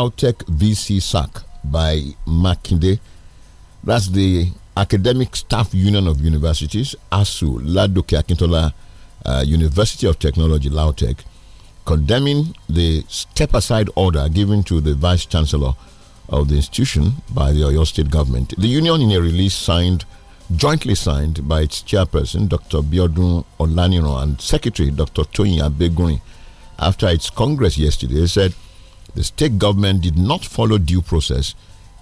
Caltech VC SAC by Makinde. That's the Academic Staff Union of Universities, ASU, Ladoke Akintola uh, University of Technology, Lautech, condemning the step aside order given to the Vice Chancellor of the institution by the Oyo State government. The union, in a release signed, jointly signed by its chairperson, Dr. Biodun Olaniro, and Secretary, Dr. Toyin Abegorin, after its Congress yesterday, said the state government did not follow due process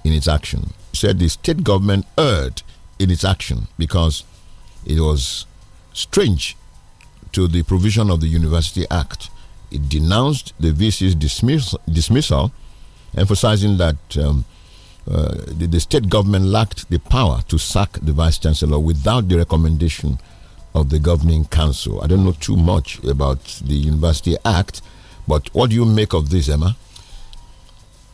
in its action. He said the state government erred in its action because it was strange to the provision of the University Act. It denounced the VC's dismiss dismissal, emphasizing that um, uh, the, the state government lacked the power to sack the vice chancellor without the recommendation of the governing council. I don't know too much about the University Act, but what do you make of this, Emma?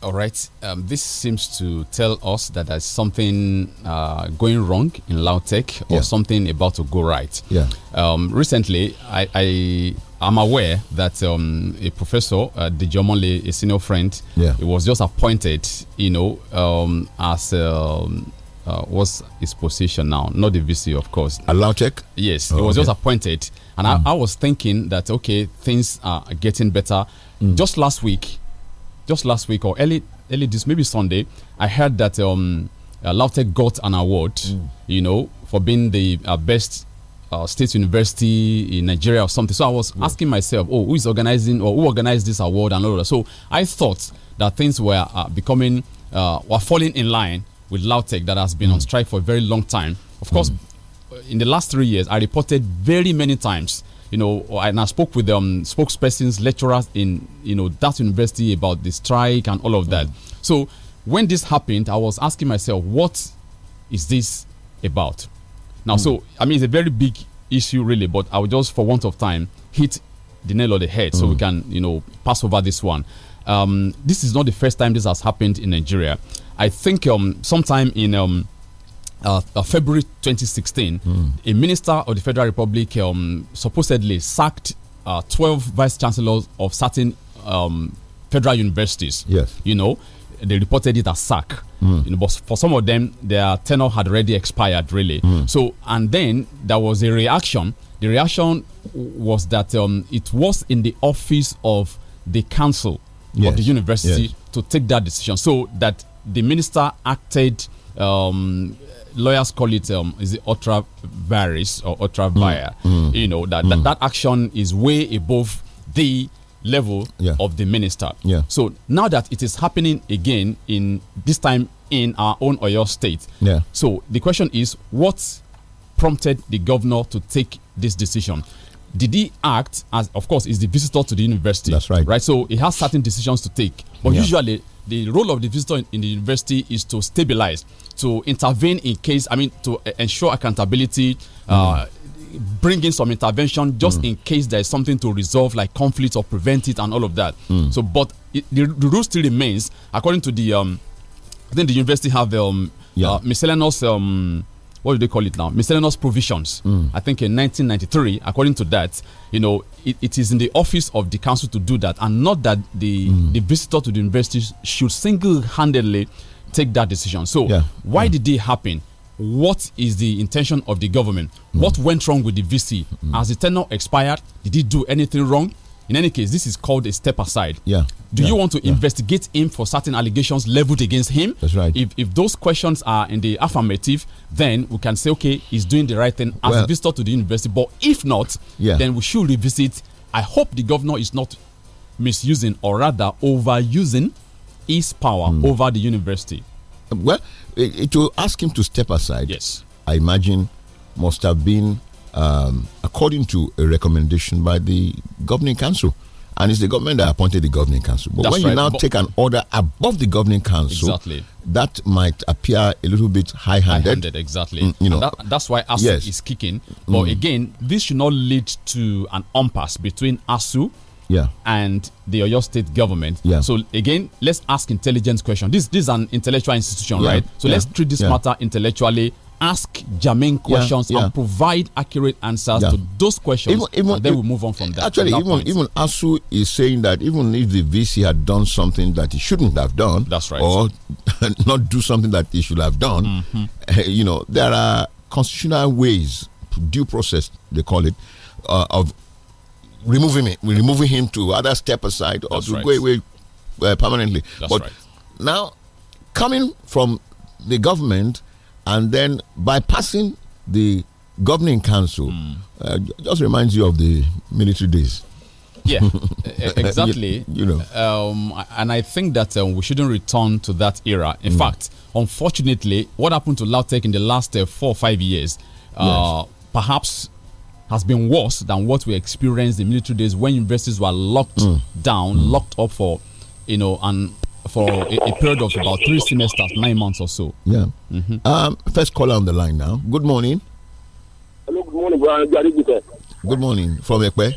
All right. Um, this seems to tell us that there's something uh, going wrong in Lautech or yeah. something about to go right. Yeah. Um, recently, I, I am aware that um, a professor, uh, German, a senior friend, yeah. he was just appointed. You know, um, as um, uh, what's his position now? Not the VC, of course. A Lautech. Yes, oh, he was okay. just appointed, and mm. I, hmm. I was thinking that okay, things are getting better. Mm. Just last week just last week or early early this maybe Sunday, I heard that um, uh, Lautech got an award, mm. you know, for being the uh, best uh, state university in Nigeria or something. So I was yeah. asking myself, oh, who is organizing or who organized this award and all that. So I thought that things were uh, becoming, uh, were falling in line with Lautech that has been mm. on strike for a very long time. Of course, mm. Uh, in the last three years, I reported very many times you know, and I spoke with um, spokespersons, lecturers in, you know, that university about the strike and all of that. Mm. So when this happened, I was asking myself, what is this about? Now, mm. so, I mean, it's a very big issue, really, but I will just, for want of time, hit the nail on the head mm. so we hmm. can, you know, pass over this one. Um, this is not the first time this has happened in Nigeria. I think um, sometime in um, uh, uh, February 2016, mm. a minister of the Federal Republic um, supposedly sacked uh, 12 vice chancellors of certain um, federal universities. Yes. You know, they reported it as sack. Mm. You know, but for some of them, their tenure had already expired, really. Mm. So, and then there was a reaction. The reaction was that um, it was in the office of the council yes. of the university yes. to take that decision. So that the minister acted. Um, lawyers call it um, is it or ultra Mm. Mm. You know that, that mm. that action is way above the level yeah. of the minister. Yeah. So now that it is happening again in this time in our own Oyo state. Yeah. So the question is what prompted the governor to take this decision? Did he act as of course is the visitor to the university? That's right. Right. So he has certain decisions to take. But yeah. usually the role of the visitor in the university is to stabilize to intervene in case, I mean, to eh, ensure accountability. Mm. Bring in some intervention just mm. in case there is something to resolve, like conflict or prevent it, and all of that. Mm. So, but it, the, the rule still remains. According to the, um, I think the university have um, yeah. uh, miscellaneous um, what do they call it now? Miscellaneous provisions. Mm. I think in 1993, according to that, you know, it, it is in the office of the council to do that, and not that the mm. the visitor to the university should single-handedly take that decision. So, yeah. why did they happen? What is the intention of the government? Mm. What went wrong with the VC? Mm. Has the tenure expired? Did he do anything wrong? In any case, this is called a step aside. Yeah. Do yeah. you want to yeah. investigate him for certain allegations leveled against him? That's right. If, if those questions are in the affirmative, then we can say, okay, he's doing the right thing as well, a visitor to the university. But if not, yeah. then we should revisit. I hope the governor is not misusing or rather overusing his power mm. over the university? Um, well, it, it, will ask him to step aside. Yes. I imagine must have been um, according to a recommendation by the governing council. And it's the government that appointed the governing council. But That's when you right. now but take an order above the governing council, exactly that might appear a little bit high-handed. high-handed exactly. Mm, you know, that, that's why ASU yes. is kicking. But mm. again, this should not lead to an impasse between ASU yeah. and the Oyo State government. Yeah. So again, let's ask intelligence question. This this is an intellectual institution, yeah. right? So yeah. let's treat this matter intellectually. Ask germane questions and provide accurate answers to those questions, even, even, and then we we'll move on from that. Actually, that even point. even Asu is saying that even if the VC had done something that he shouldn't have done, that's right, or not do something that he should have done, mm -hmm. you know, there are constitutional ways, due process they call it, uh, of removing him, removing him to either step aside or That's to right. go away uh, permanently. That's but right. now, coming from the government and then bypassing the governing council mm. uh, just reminds you of the military days. Yeah, exactly. you, you, know, um, and I think that um, we shouldn't return to that era. In mm. fact, unfortunately, what happened to Lautech in the last uh, four or five years, uh, yes. perhaps has been worse than what we experienced in military days when universities were locked mm. down, mm. locked up for, you know, and for a, a, period of about three semesters, nine months or so. Yeah. Mm -hmm. um, first caller on the line now. Good morning. Hello, good morning, Good morning from Ekpe.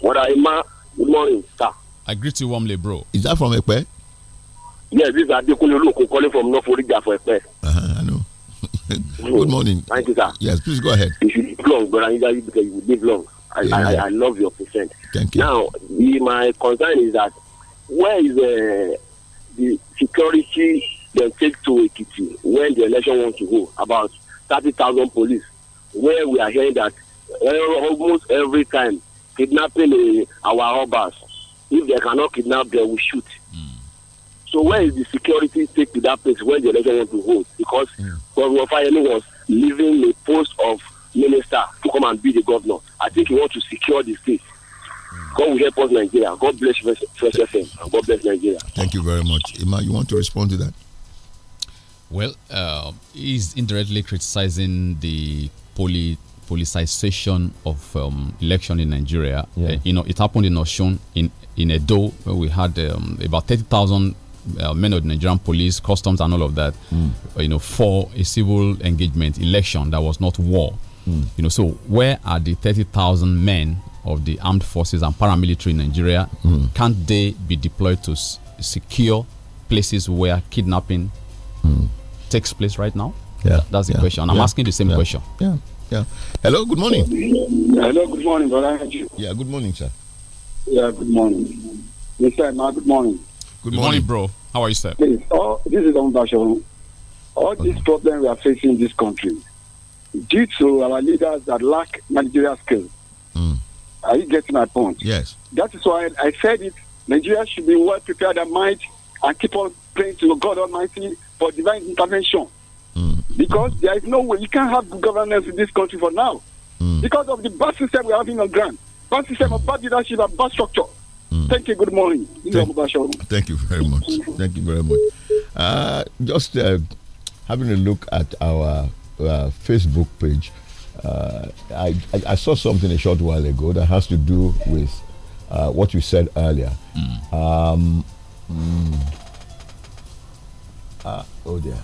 What I ma? Good morning, sir. I greet you warmly, bro. Is that from Ekpe? Yes, this is Adekunle Olokun calling from North Orija for Ekpe. Uh -huh. Good morning. Thank you, sir. Yes, please go ahead. You should live long, but I you because you will live long. I, yeah. I, I, love your percent. Thank you. Now, the, my concern is that where is the, uh, the security they take to Ekiti when the election wants to go? About 30,000 police. Where we are hearing that uh, almost every time kidnapping uh, our robbers. If they cannot kidnap, they will shoot. So where is the security take to that place where the election want to hold? Because yeah. Governor finding was leaving the post of minister to come and be the governor. I think he wants to secure the state. God will help us, Nigeria. God bless Fresh FM God bless Nigeria. Thank you very much. Ima, you want to respond to that? Well, uh, he's indirectly criticizing the poly politicization of um, election in Nigeria. Yeah. Uh, you know, it happened in Oshun, in in Edo, where we had um, about 30,000 uh, men of the Nigerian police, customs, and all of that, mm. you know, for a civil engagement election that was not war. Mm. You know, so where are the 30,000 men of the armed forces and paramilitary in Nigeria? Mm. Can't they be deployed to secure places where kidnapping hmm. takes place right now? Yeah, that's the yeah, question. I'm yeah, asking the same yeah, question. Yeah, yeah. Hello, good morning. Hello, good morning, brother. Yeah, good morning, sir. Yeah, good morning. Mr. Emma, good morning. Good morning. morning, bro. How are you, sir? Please, all, oh, this is Ombasharu. All okay. these problems we are facing in this country due to our leaders that lack managerial skills. Mm. Are you getting my point? Yes. That is why I said it. Nigeria should be well prepared and might and keep on praying to God Almighty for divine intervention. Mm. Because there is no way you can't have good governance in this country for now. Mm. Because of the bad system we are having on ground, bad system of bad leadership and bad structure. Thank you. Good morning. Thank, thank you very much. thank you very much. Uh, just uh, having a look at our uh, Facebook page, uh, I, I, I, saw something a short while ago that has to do with uh, what you said earlier. Mm. Um, mm, uh, oh dear.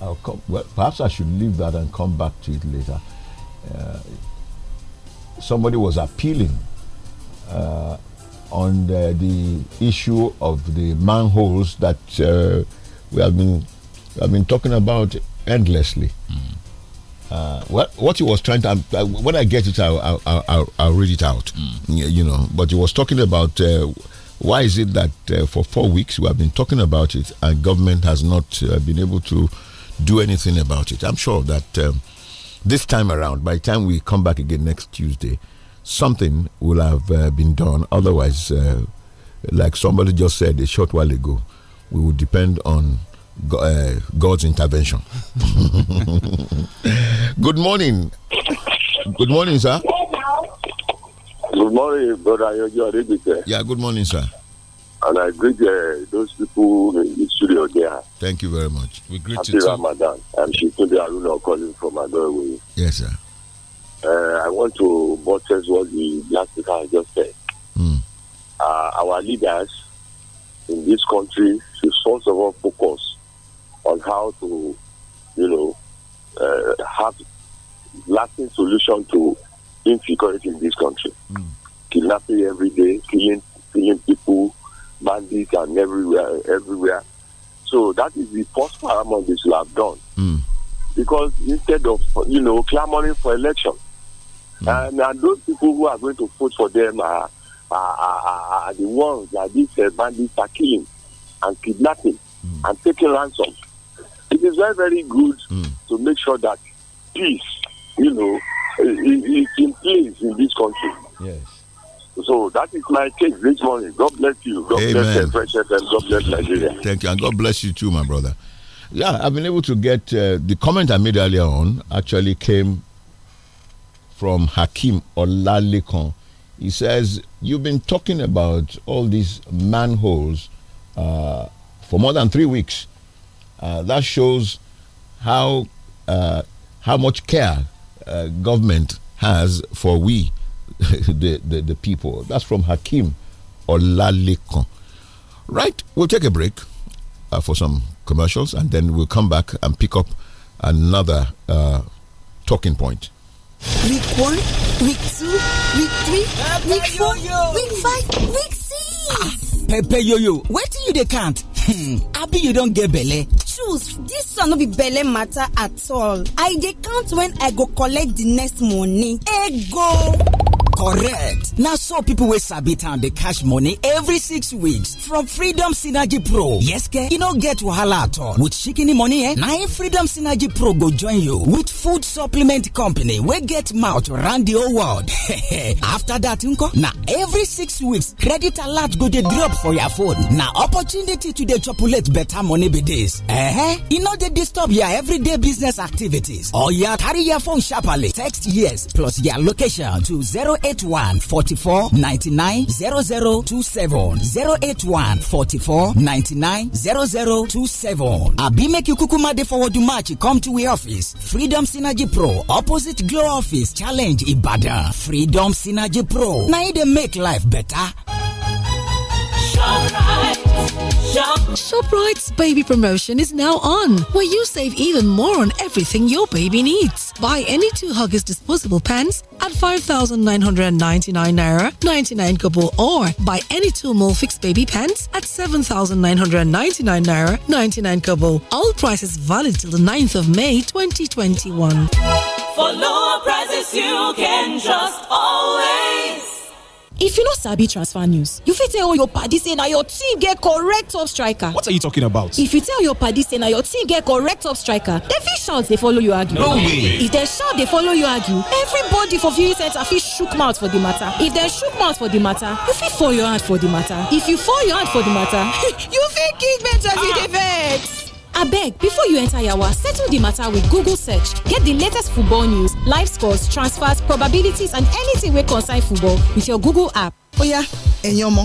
I'll come, well, perhaps I should leave that and come back to it later. somebody was appealing on the, the issue of the manholes that uh, we have been we have been talking about endlessly. Mm. Uh, what what he was trying to uh, when I get it I'll I'll, I'll, I'll read it out mm. you know but he was talking about uh, why is it that uh, for four weeks we have been talking about it and government has not uh, been able to do anything about it I'm sure that um, this time around by the time we come back again next Tuesday something will have uh, been done. Otherwise, uh, like somebody just said a short while ago, we would depend on go uh, God's intervention. Good morning. Good morning, sir. Good morning, brother. You are Yeah, good morning, sir. And I greet uh, those people in the studio there. Thank you very much. We greet Happy you. Happy Ramadan. I'm Shitunde Aruna calling from Adorewe. Yes, sir uh, I want to buttress what the last speaker has just said. Mm. Uh, our leaders in this country should first of all focus on how to, you know, uh, have lasting solution to insecurity in this country. Mm. Kidnapping every day, killing, killing people, bandits, and everywhere, everywhere. So that is the first paramount they should have done. Mm. Because instead of, you know, clamoring for election, Mm. And, and, those people who are going to vote for them are, are, are, are the ones that these uh, bandits are killing and kidnapping mm. and taking ransom. It is very, very good mm. to make sure that peace, you know, is, is in place in this country. Yes. So that is my case this morning. God bless you. God Amen. bless God bless Nigeria. Thank you. And God bless you too, my brother. Yeah, I've been able to get uh, the comment I made earlier on actually came from Hakim Olalekan. He says, You've been talking about all these manholes uh, for more than three weeks. Uh, that shows how, uh, how much care uh, government has for we, the, the, the, people. That's from Hakim Olalekan. Right, we'll take a break uh, for some commercials and then we'll come back and pick up another uh, talking point. week one week two week three week four week five week six. pepper yoyo wetin you dey count hmm, abi you don get belle. choose this one no be belle matter at all i dey count when i go collect the next money ego correct Now, so people will sabi town the cash money every six weeks from freedom synergy pro yes ke You no get wahala at all with shikini money eh Now, freedom synergy pro go join you with food supplement company We get mouth round the whole world after that unko. Now, every six weeks credit alert go dey drop for your phone Now, opportunity to dey chopulate better money be this. eh You e no dey disturb your everyday business activities or your carry your phone sharply. text yes plus your location to 08 eight one forty four ninety nine zero zero two seven zero eight one forty four ninety nine zero zero two seven abi make you kuku kukuma dey forward to match come to we office freedom synergy pro opposite glow office challenge ibadan freedom synergy pro na e dey make life better. ShopRite's baby promotion is now on, where you save even more on everything your baby needs. Buy any two Huggies disposable pants at 5,999 naira 99 kobo, or buy any two Molfix baby pants at 7,999 naira 99 kobo. All prices valid till the 9th of May 2021. For lower prices you can trust always. if you no sabi transfer news you fit tell your party say na your team get correct top striker what are you talking about if you tell your party say na your team get correct top striker dem fit shout dey follow you argue no way if dem shout dey follow you argue everybody for viewing centre fit shook mouth for di matter if dem shook mouth for di matter you fit fall your hand for di matter if you fall your hand for di matter you fit kick bench as you dey abeg before you enter yawa settle the matter with google search get the latest football news live scores transfers probabilities and anything wey concern football with your google app. oya ẹ̀yin ọmọ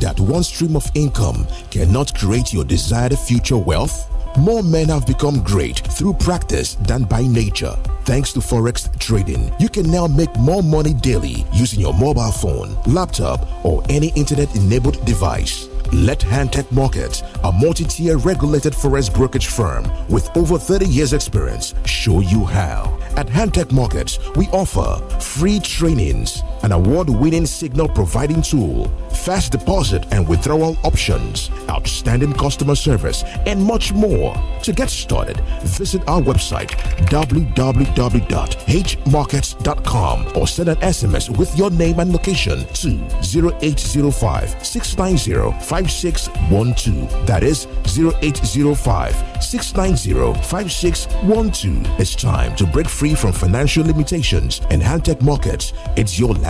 that one stream of income cannot create your desired future wealth? More men have become great through practice than by nature. Thanks to Forex trading, you can now make more money daily using your mobile phone, laptop, or any internet enabled device. Let Hantech Markets, a multi tier regulated forex brokerage firm with over 30 years' experience, show you how. At Hantech Markets, we offer free trainings an award-winning signal providing tool, fast deposit and withdrawal options, outstanding customer service, and much more. To get started, visit our website www.hmarkets.com or send an SMS with your name and location to 0805 690 5612. That is 0805 690 5612. It's time to break free from financial limitations and high-tech markets. It's your last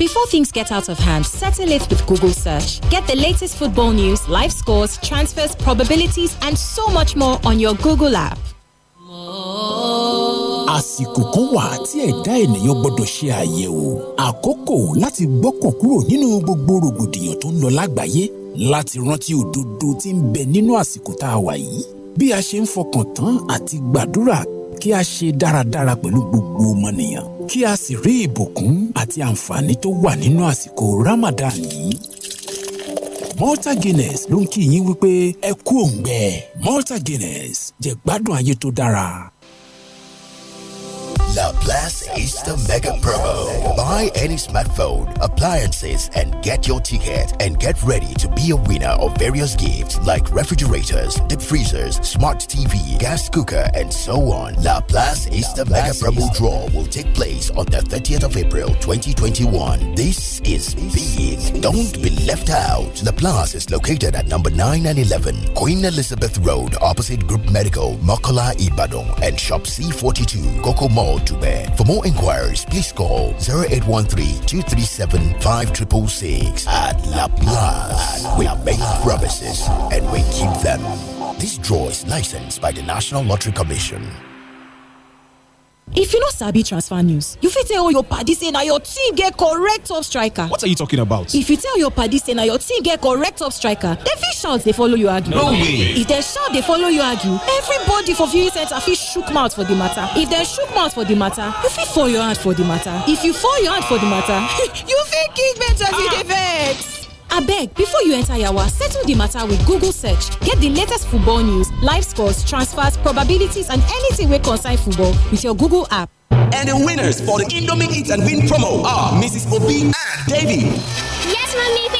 Before things get out of hand, settle it with Google Search. Get the latest football news, live scores, transfers, probabilities, and so much more on your Google app. àsìkò kan wà tí ẹ̀dá ènìyàn gbọ́dọ̀ ṣe àyẹ̀wò àkókò láti gbọ́kàn kúrò nínú gbogbo rògbòdìyàn tó ń lọ lágbàáyé láti rántí òdodo tí ń bẹ nínú àsìkò tá a wà yìí bí a ṣe ń fọkàn tán àti gbàdúrà kí a ṣe dáradára pẹ̀lú gbogbo ọmọnìyàn kí a sì rí ìbùkún àti àǹfààní tó wà nínú àsìkò Ramadan yìí. Malta Guinness ló ń kí yín wípé ẹ kú òǹgbẹ Malta Guinness jẹ gbádùn ayé tó dára. La Place is the mega promo. Buy any smartphone, appliances, and get your ticket and get ready to be a winner of various gifts like refrigerators, deep freezers, smart TV, gas cooker, and so on. La Place is the mega promo draw will take place on the 30th of April 2021. This is big. Don't be left out. Laplace Place is located at number 9 and 11 Queen Elizabeth Road, opposite Group Medical, Mokola Ibadan, and Shop C42, Coco Mall. For more inquiries, please call 0813-237-5666 at La Paz. We make promises and we keep them. This draw is licensed by the National Lottery Commission. if you no sabi transfer news you fit tell your padi say na your team get correct top striker what are you talking about if you tell your padi say na your team get correct top striker dem fit shout dey follow you argue no way if dem shout dey follow you argue everybody for viewing centre fit shook mouth for di matter if dem shook mouth for di matter you fit fall your hand for di matter if you fall your hand for di matter you fit kick bench as the dey abeg before you enter yawa settle the matter with google search get the latest football news live scores transfers probabilities and anything wey concern football with your google app. and the winners for the indomie eat and win promo are mrs obi and davy. yes mummy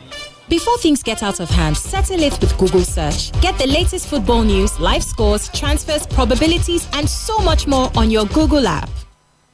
Before things get out of hand, settle it with Google Search. Get the latest football news, live scores, transfers, probabilities, and so much more on your Google app.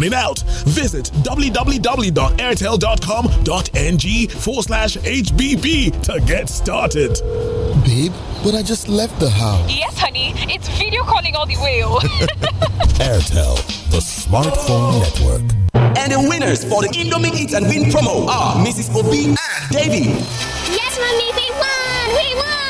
running out. Visit www.airtel.com.ng forward slash HBB to get started. Babe, but I just left the house. Yes, honey. It's video calling all the way. Oh. Airtel, the smartphone network. And the winners for the Indomie Eat and Win promo are Mrs. Obi and Davy. Yes, mommy, we won! We won!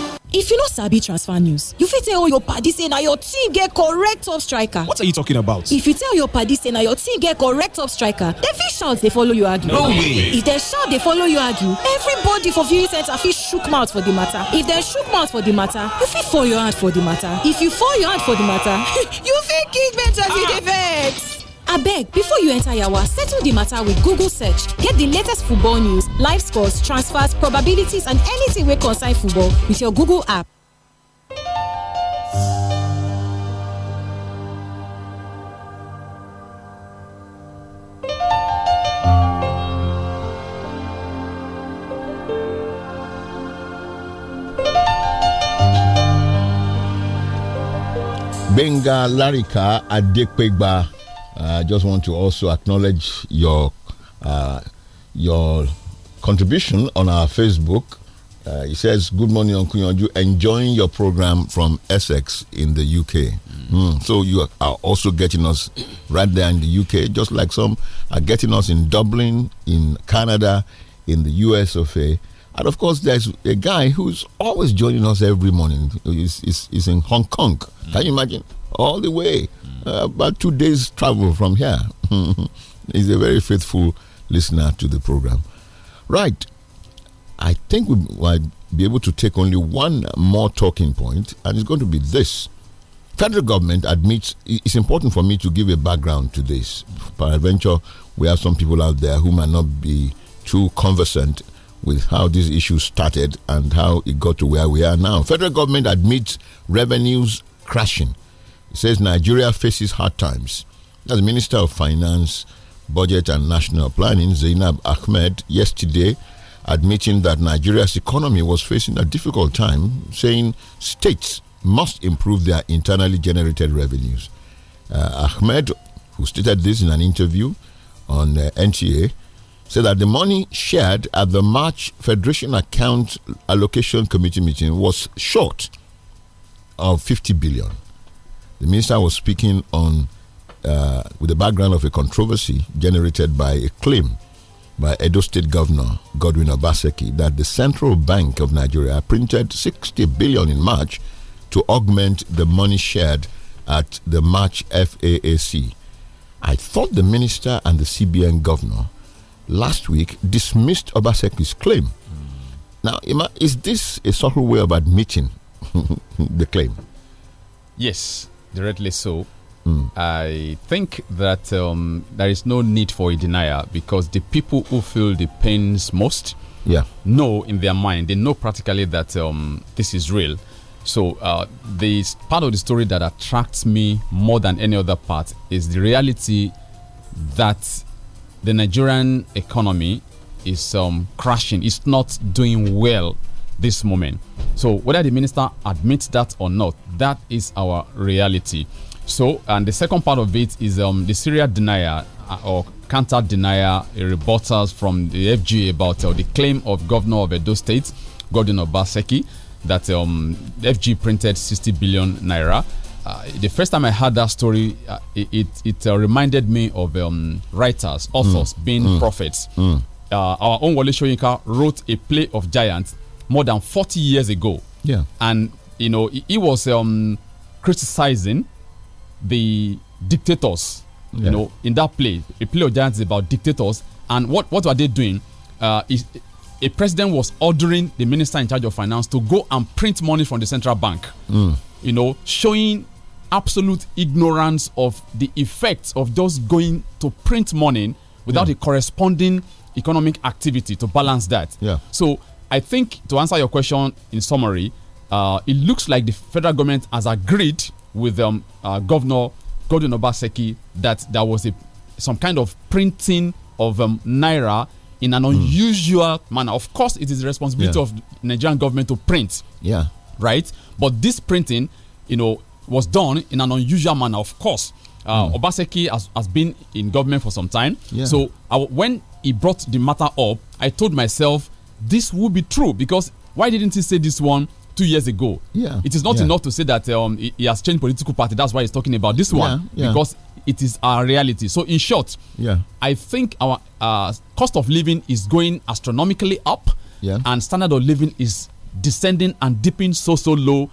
if you no sabi transfer news you fit tell your padi say na your team get correct top striker what are you talking about if you tell your padi say na your team get correct top striker dem fit shout dey follow you argue no way if dem shout dey follow you argue everybody for viewing centre fit shook mouth for di matter if dem shook mouth for di matter you fit fall your hand for di matter if you fall your hand for di matter you fit kick me as you dey vex abeg before you enter yawa settle the matter with google search get the latest football news live scores transfers probabilities and anything wey concern football with your google app. Benga Larika Adepegba uh, I just want to also acknowledge your uh, your contribution on our Facebook. Uh, he says, "Good morning, Uncle Yonju. Enjoying your program from Essex in the UK. Mm. Mm. So you are also getting us right there in the UK, just like some are getting us in Dublin, in Canada, in the US of A. And of course, there's a guy who's always joining us every morning. He's, he's, he's in Hong Kong. Mm. Can you imagine? All the way uh, about two days' travel from here. He's a very faithful listener to the program. Right. I think we might be able to take only one more talking point, and it's going to be this. Federal government admits it's important for me to give a background to this. Peradventure, we have some people out there who might not be too conversant with how this issue started and how it got to where we are now. Federal government admits revenues crashing says Nigeria faces hard times. As Minister of Finance, Budget and National Planning, Zainab Ahmed, yesterday admitting that Nigeria's economy was facing a difficult time, saying states must improve their internally generated revenues. Uh, Ahmed, who stated this in an interview on uh, NTA, said that the money shared at the March Federation Account Allocation Committee meeting was short of 50 billion. The minister was speaking on uh, with the background of a controversy generated by a claim by Edo State Governor Godwin Obaseki that the Central Bank of Nigeria printed 60 billion in March to augment the money shared at the March FAAC. I thought the minister and the CBN governor last week dismissed Obaseki's claim. Hmm. Now, is this a subtle way of admitting the claim? Yes, directly so. Mm. I think that um, there is no need for a denier because the people who feel the pains most yeah. know in their mind, they know practically that um, this is real. So, uh, the part of the story that attracts me more than any other part is the reality that the Nigerian economy is um, crashing, it's not doing well this moment. So, whether the minister admits that or not, that is our reality. So, and the second part of it is um, the Syria denier uh, or counter denier rebuttals from the FGA about uh, the claim of Governor of Edo State, Gordon Obaseki, that um, FG printed 60 billion naira. Uh, the first time I heard that story, uh, it it uh, reminded me of um, writers, authors mm, being mm, prophets. Mm. Uh, our own Wale Shoyinka wrote a play of giants more than 40 years ago. Yeah. And, you know, he, he was um, criticizing the dictators, yeah. you know, in that play. A play of giants is about dictators. And what, what were they doing? Uh, is, a president was ordering the minister in charge of finance to go and print money from the central bank. Mm. You know, showing absolute ignorance of the effects of just going to print money without yeah. a corresponding economic activity to balance that. Yeah. So I think to answer your question in summary, uh, it looks like the federal government has agreed with um, uh, Governor Gordon Obaseki that there was a, some kind of printing of um, naira in an hmm. unusual mm. manner. Of course, it is the responsibility yeah. of Nigerian government to print. Yeah. Right. But this printing, you know, was done in an unusual manner. Of course, uh, mm. Obaseki has, has been in government for some time. Yeah. So I, when he brought the matter up, I told myself this would be true because why didn't he say this one two years ago? Yeah. It is not yeah. enough to say that um, he, has changed political party. That's why he's talking about this one yeah, yeah. because it is our reality. So, in short, yeah, I think our uh, cost of living is going astronomically up, yeah. and standard of living is descending and dipping so so low.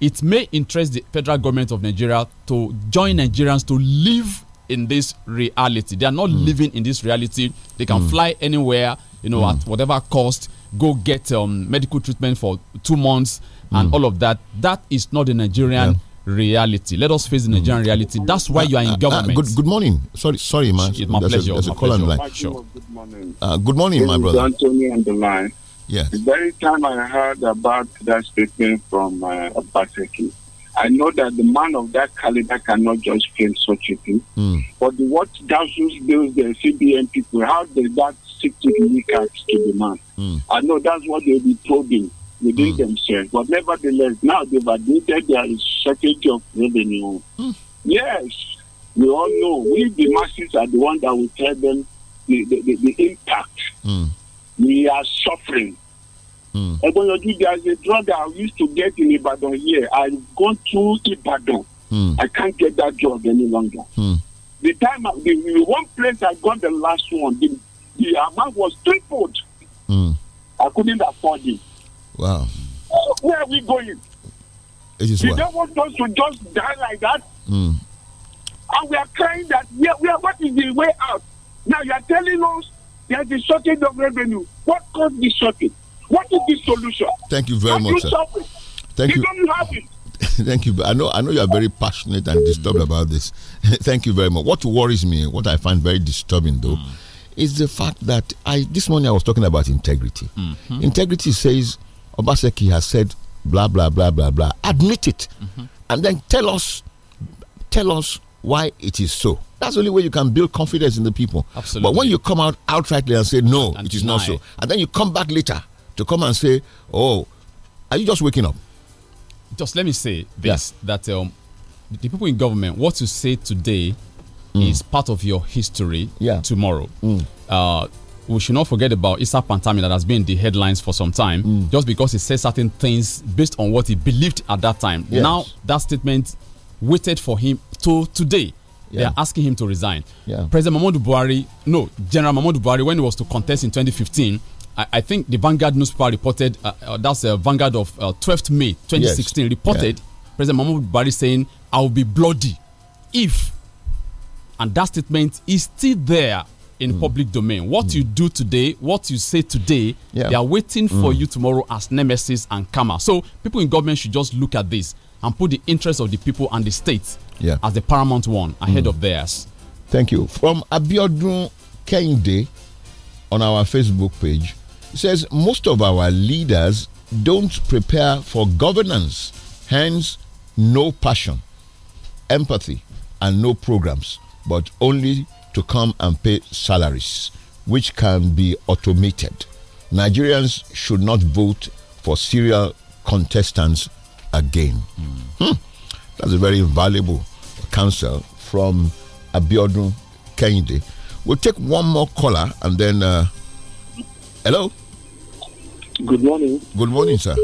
It may interest the federal government of Nigeria to join Nigerians to live in this reality. They are not mm. living in this reality. They can mm. fly anywhere you know, mm. at whatever cost, go get um, medical treatment for two months and mm. all of that. That is not the Nigerian. Yeah. Reality. Let us face the hmm. Nigerian reality. That's why you are in uh, uh, uh government. Uh, good, good morning. Sorry, sorry, man. It's my pleasure. That's A, there's my a pleasure. Line. Sure. Good morning. Uh, good morning, this my brother. Anthony on the line. Yes. The very time I heard about that statement from uh, I know that the man of that caliber cannot just claim such a thing. Mm. But the what thousands bills the CBN people, how does that 60 million cards to the man. Mm. I know that's what they'll be probing within mm. themselves. But nevertheless, now they've admitted there is shortage of revenue. Mm. Yes, we all know we, the masses, are the one that will tell them the, the, the, the impact. Mm. We are suffering. Mm. Ebonyoju, there is a drug I used to get in Ibadan here. I've gone through Ibadan. Mm. I can't get that drug any longer. Mm. The time I, the, the one place I got the last one, the the amount was tripled. Mm. I couldn't afford it. Wow. Uh, where are we going? We don't want us to just die like that. Mm. And we are crying that yeah, we are what is the way out? Now you are telling us there's a shortage of revenue. What caused the shortage? What is the solution? Thank you very much. You sir. Thank you. you have it. Thank you. I know I know you are very passionate and disturbed about this. Thank you very much. What worries me, what I find very disturbing though. Mm is the fact that I this morning I was talking about integrity. Mm -hmm. Integrity says Obaseki has said blah blah blah blah blah. Admit it, mm -hmm. and then tell us, tell us why it is so. That's the only way you can build confidence in the people. Absolutely. But when you come out outrightly and say no, and it is deny. not so, and then you come back later to come and say, oh, are you just waking up? Just let me say this: yeah. that um, the people in government, what you say today mm. is part of your history yeah. tomorrow. Mm. Uh, we should not forget about Issa Pantami that has been in the headlines for some time mm. just because he said certain things based on what he believed at that time. Yes. Now, that statement waited for him to today. Yeah. They are asking him to resign. Yeah. President Mahmoud Buhari, no, General Mahmoud Buhari, when he was to contest in 2015, I, I think the Vanguard newspaper reported, uh, uh, that's a Vanguard of uh, 12th May 2016, yes. reported yeah. President Mahmoud Buhari saying, I'll be bloody if and that statement is still there in mm. public domain. What mm. you do today, what you say today, yeah. they are waiting for mm. you tomorrow as nemesis and karma. So people in government should just look at this and put the interests of the people and the state yeah. as the paramount one ahead mm. of theirs. Thank you. From Abiodun Kende on our Facebook page says most of our leaders don't prepare for governance, hence, no passion, empathy, and no programs but only to come and pay salaries, which can be automated. Nigerians should not vote for serial contestants again. Mm. Hmm. That's a very valuable counsel from Abiodun Kende. We'll take one more caller and then. Uh, hello. Good morning. Good morning, sir.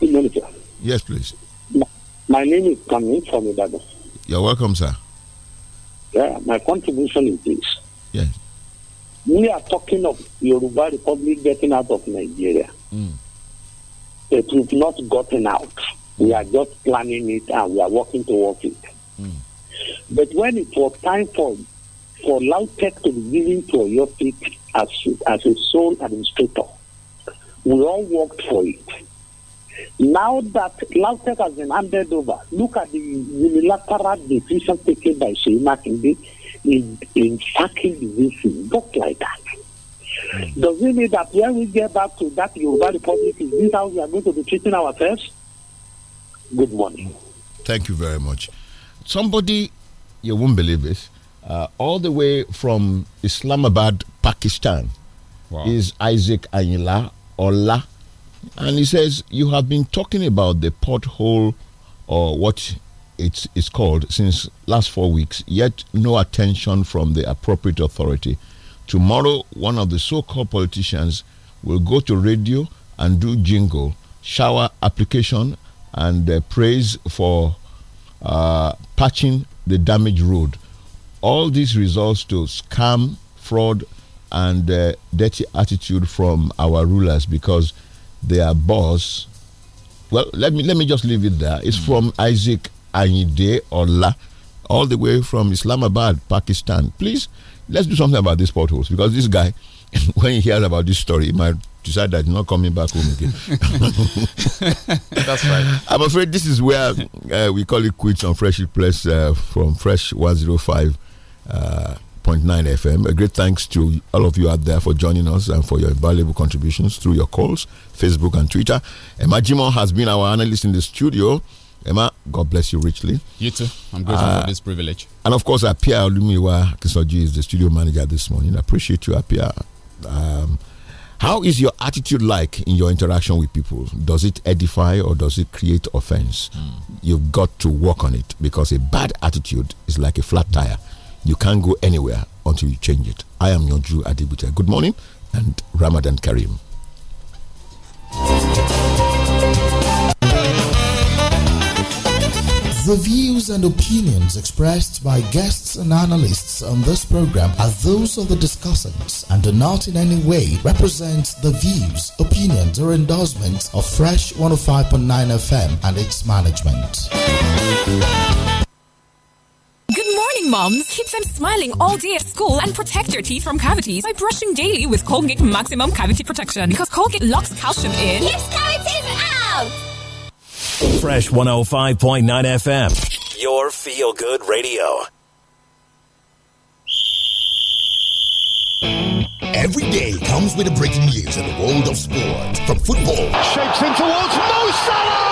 Good morning, sir. Yes, please. My name is Kamin from Ibadan. You're welcome, sir. Yeah, my contribution is this. Yes. We are talking of Yoruba Republic getting out of Nigeria. Mm. It is not gotten out. We are just planning it and we are working towards it. Mm. But when it was time for for Lautech to be given to Oyo State as, as a sole administrator, we all worked for it. Now that Lautek has been handed over, look at the unilateral decision taken by Sheima Kindi in, in sacking the just like that. Hmm. Does it mean that when we get back to that Yoruba Republic, is this how we are going to be treating ourselves? Good morning. Thank you very much. Somebody, you won't believe this, uh, all the way from Islamabad, Pakistan, wow. is Isaac Ayla Ola and he says, You have been talking about the pothole or what it is called since last four weeks, yet no attention from the appropriate authority. Tomorrow, one of the so called politicians will go to radio and do jingle, shower application, and uh, praise for uh, patching the damaged road. All this results to scam, fraud, and uh, dirty attitude from our rulers because their boss. Well, let me let me just leave it there. It's mm. from Isaac Ayinde Ola, all the way from Islamabad, Pakistan. Please, let's do something about these potholes because this guy, when he hears about this story, he might decide that he's not coming back home again. That's right. I'm afraid this is where uh, we call it quits on Fresh Place uh, from Fresh 105. Uh, FM. A great thanks to all of you out there for joining us and for your valuable contributions through your calls, Facebook, and Twitter. Emma Jimon has been our analyst in the studio. Emma, God bless you richly. You too. I'm grateful uh, for this privilege. And of course, Apia Olumiwa Kisoji is the studio manager this morning. I appreciate you, Apia. Um, how is your attitude like in your interaction with people? Does it edify or does it create offense? Mm. You've got to work on it because a bad attitude is like a flat tire. You can't go anywhere until you change it. I am your Jew Adibuta. Good morning and Ramadan Karim. The views and opinions expressed by guests and analysts on this program are those of the discussants and do not in any way represent the views, opinions, or endorsements of Fresh 105.9 FM and its management moms, keep them smiling all day at school and protect your teeth from cavities by brushing daily with Colgate Maximum Cavity Protection because Colgate locks calcium in. Keeps cavities out! Fresh 105.9 FM, your feel good radio. Every day comes with a breaking news in the world of sports. From football, shapes in towards Mo Salah!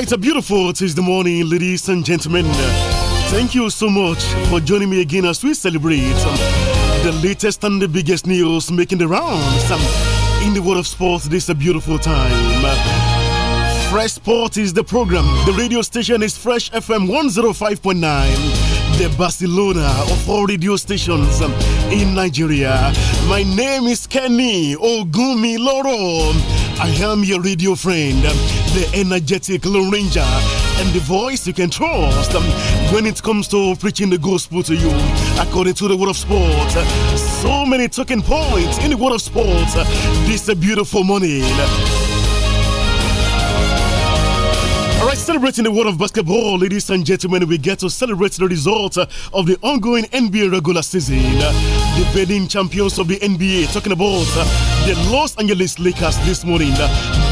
It's a beautiful Tuesday morning, ladies and gentlemen. Thank you so much for joining me again as we celebrate the latest and the biggest news making the rounds in the world of sports. This is a beautiful time. Fresh Sport is the program. The radio station is Fresh FM 105.9 the Barcelona of all radio stations in Nigeria. My name is Kenny Ogumiloro. I am your radio friend the energetic Lone Ranger, and the voice you can trust um, when it comes to preaching the gospel to you, according to the word of sport. So many talking points in the world of sport. This is a beautiful morning. All right, celebrating the world of basketball, ladies and gentlemen, we get to celebrate the result of the ongoing NBA regular season. The defending champions of the NBA, talking about the Los Angeles Lakers this morning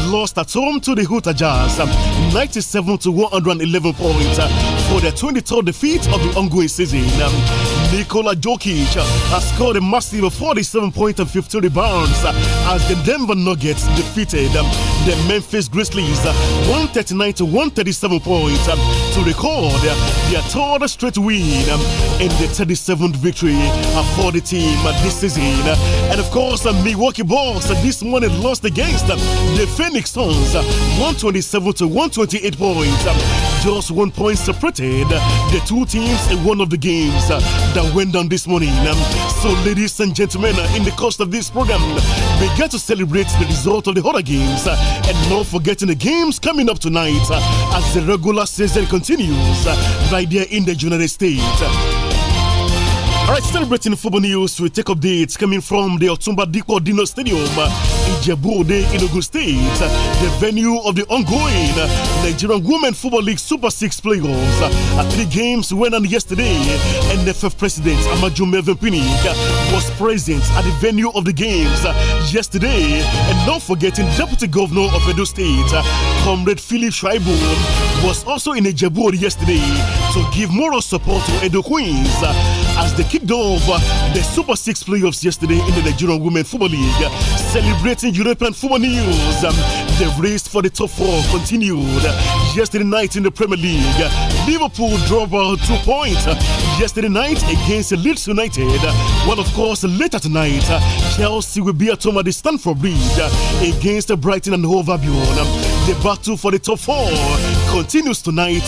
lost at home to the Utah Jazz, um, 97 to 111 points uh, for the 23rd defeat of the ongoing season. Um, Nikola Jokic uh, has scored a massive 47 points and 15 rebounds uh, as the Denver Nuggets defeated um, the Memphis Grizzlies uh, 139 to 137 points um, to record their third straight win um, in the 37th victory for the team this season. And of course, Milwaukee Bucks this morning lost against the Phoenix Suns 127 to 128 points. Just one point separated the two teams in one of the games that went down this morning. Um, so, ladies and gentlemen, uh, in the course of this program, we get to celebrate the result of the other games uh, and not forgetting the games coming up tonight uh, as the regular season continues uh, right there in the United States. All right, celebrating football news. We take updates coming from the Otumba Dikwa Dino Stadium. Uh, Ijebuode in Ogun State, the venue of the ongoing Nigerian Women Football League Super Six playoffs. Uh, three games went on yesterday. NFF President Amaju Melvin Pinnick uh, was present at the venue of the games uh, yesterday, and not forgetting Deputy Governor of Edo State, Comrade Philip Schreiber, was also in Ijebuode yesterday to give moral support to Edo Queens as they kicked off uh, the Super Six playoffs yesterday in the Nigerian Women Football League, celebrating European football news. Um, the race for the top four continued yesterday night in the Premier League. Liverpool dropped two points yesterday night against Leeds United. Well, of course, later tonight, Chelsea will be at home at the Stamford Bridge against Brighton and Hove Albion. The battle for the top four continues tonight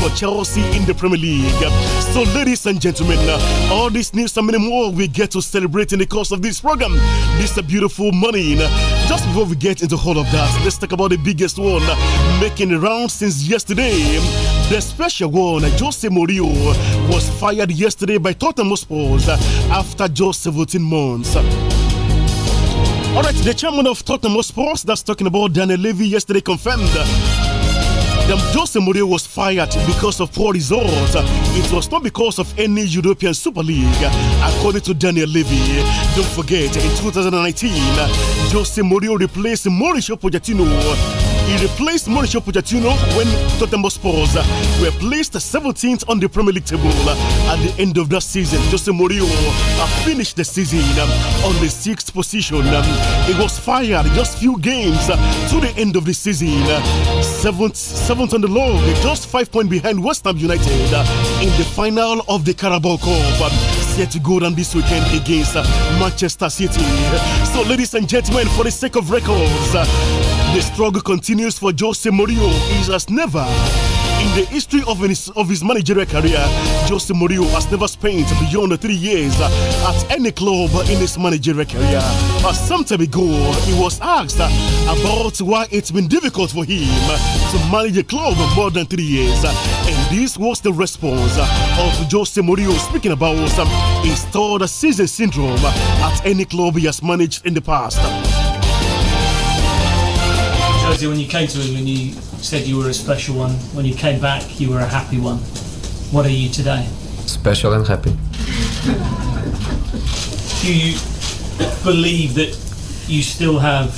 for Chelsea in the Premier League. So, ladies and gentlemen, all this news and many more we get to celebrate in the course of this program. This is a beautiful morning. Just before we get into all of that, let's talk about the biggest one making the round since yesterday. The special one, Jose Mourinho, was fired yesterday by Tottenham Hotspur after just 17 months. All right, the chairman of Tottenham Sports, that's talking about Daniel Levy, yesterday confirmed. that Jose Mourinho was fired because of poor results. It was not because of any European Super League, according to Daniel Levy. Don't forget, in 2019, Jose Mourinho replaced Mauricio Pochettino he replaced Mauricio Pochettino when Tottenham Spurs were placed 17th on the Premier League table at the end of that season. Jose Mourinho finished the season um, on the sixth position. He um, was fired just few games uh, to the end of the season. Seventh, seventh on the log, just five points behind West Ham United uh, in the final of the Carabao Cup. Um, set to go down this weekend against uh, Manchester City. So, ladies and gentlemen, for the sake of records, the struggle continues for Jose Mourinho is as never. In the history of his, of his managerial career, Jose Mourinho has never spent beyond three years at any club in his managerial career. But some time ago, he was asked about why it's been difficult for him to manage a club more than three years. And this was the response of Jose Mourinho speaking about his third season syndrome at any club he has managed in the past when you came to and you said you were a special one. When you came back, you were a happy one. What are you today? Special and happy. Do you believe that you still have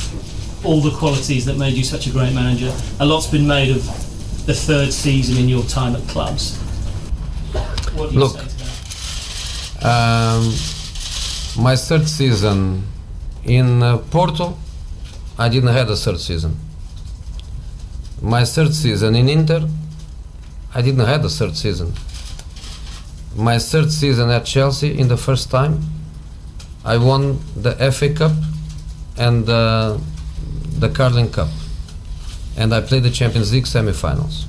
all the qualities that made you such a great manager? A lot's been made of the third season in your time at clubs. What do you Look, say to that? Um, my third season in uh, Porto, I didn't have a third season. My third season in Inter, I didn't have a third season. My third season at Chelsea, in the first time, I won the FA Cup and uh, the Carling Cup, and I played the Champions League semi-finals.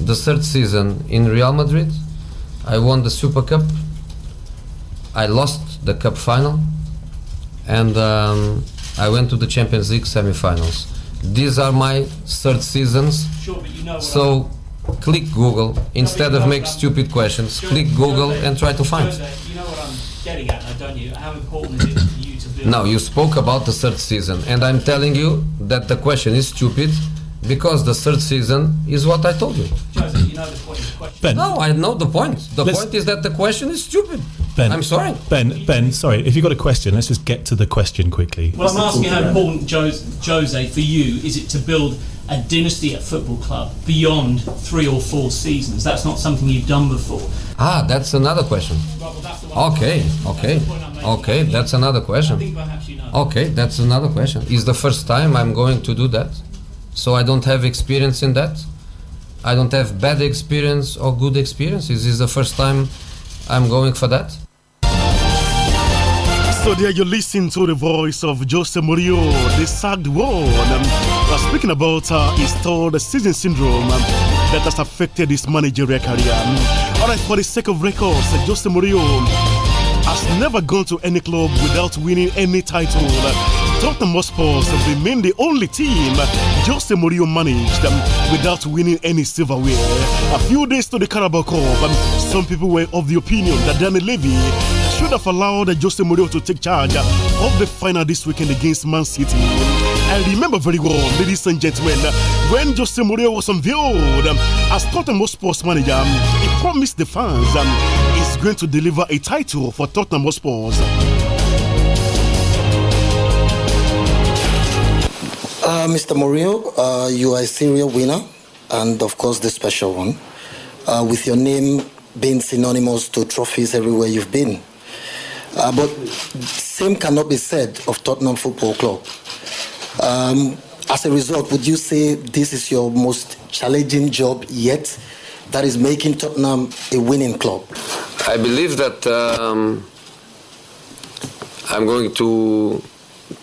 The third season in Real Madrid, I won the Super Cup. I lost the cup final, and um, I went to the Champions League semi-finals. These are my third seasons. Sure, you know so I'm click Google instead you know of make stupid questions. Sure, click Google you know and try to find. You know what I'm getting at, don't How important is it for you to Now you spoke about the third season, and I'm telling you that the question is stupid because the third season is what I told you. Ben. No, I know the point. The let's, point is that the question is stupid. Ben, I'm sorry. Ben, Ben, sorry. If you've got a question, let's just get to the question quickly. Well, I'm asking how important Jose, for you is it to build a dynasty at football club beyond three or four seasons? That's not something you've done before. Ah, that's another question. okay, okay, okay. That's another question. Okay, that's another question. Is the first time I'm going to do that? So I don't have experience in that. I don't have bad experience or good experiences. This is the first time I'm going for that. So there you listen to the voice of Jose Murillo, the sad one, um, speaking about uh, his third season syndrome um, that has affected his managerial career. Um, all right, for the sake of records, Jose Murillo um, has never gone to any club without winning any title. Uh, Tottenham Hotspurs remain the only team Jose Mourinho managed um, without winning any silverware. A few days to the Carabao Cup, um, some people were of the opinion that Danny Levy should have allowed Jose Mourinho to take charge of the final this weekend against Man City. I remember very well, ladies and gentlemen, when Jose Mourinho was unveiled um, as Tottenham Hotspur's manager, um, he promised the fans um, he's going to deliver a title for Tottenham Hotspurs. Uh, Mr. Murillo, uh, you are a serial winner, and of course the special one, uh, with your name being synonymous to trophies everywhere you've been. Uh, but same cannot be said of Tottenham Football Club. Um, as a result, would you say this is your most challenging job yet? That is making Tottenham a winning club. I believe that um, I'm going to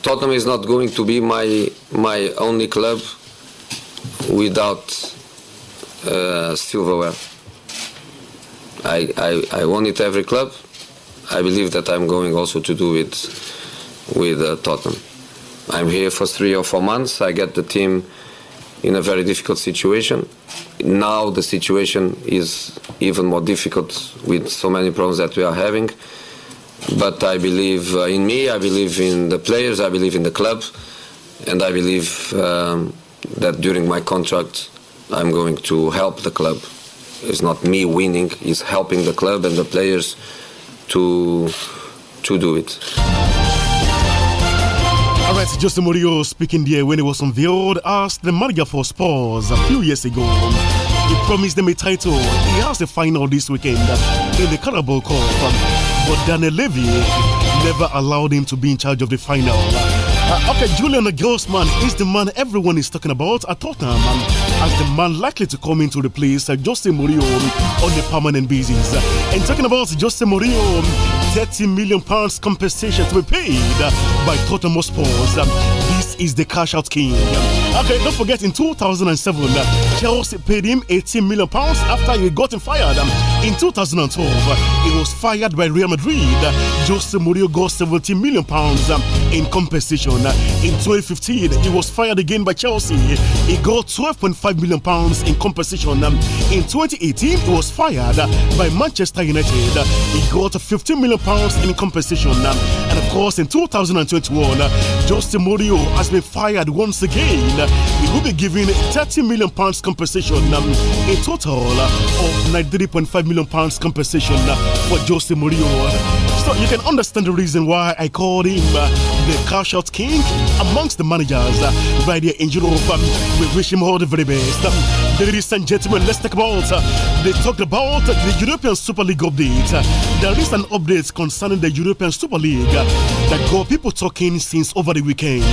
Tottenham is not going to be my my only club without uh, silverware. I, I I it every club. I believe that I'm going also to do it with uh, Tottenham. I'm here for three or four months. I get the team in a very difficult situation. Now the situation is even more difficult with so many problems that we are having. But I believe uh, in me, I believe in the players, I believe in the club, and I believe um, that during my contract I'm going to help the club. It's not me winning, it's helping the club and the players to, to do it. All right, Justin Murillo speaking there when he was unveiled asked the manager for Spurs a few years ago. He promised them a title. He has the final this weekend in the Carabao Cup. But Daniel Levy never allowed him to be in charge of the final. Uh, okay, Julian Grossman is the man everyone is talking about at Tottenham as the man likely to come in to replace uh, Jose Mourinho on a permanent basis. Uh, and talking about Jose Mourinho, 30 million pounds compensation to be paid uh, by Tottenham Hotspurs. Uh, this is the cash out king. Okay, don't forget in 2007, Chelsea paid him 18 million pounds after he got him fired um, in 2012, he was fired by Real Madrid. Jose Mourinho got 17 million pounds um, in compensation. In 2015, he was fired again by Chelsea. He got 12.5 million pounds in compensation. Um, in 2018, he was fired by Manchester United. He got 15 million pounds in compensation. Um, and of course, in 2021, Jose Mourinho has been fired once again. He will be given 30 million pounds compensation, a total of 93.5 million million pounds compensation uh, for Jose Mourinho. So you can understand the reason why I called him uh, the cash out king amongst the managers uh, right here in Europe. Um, we wish him all the very best. Um, ladies and gentlemen, let's talk about. Uh, they talked about the European Super League update. there is an update concerning the European Super League uh, that got people talking since over the weekend.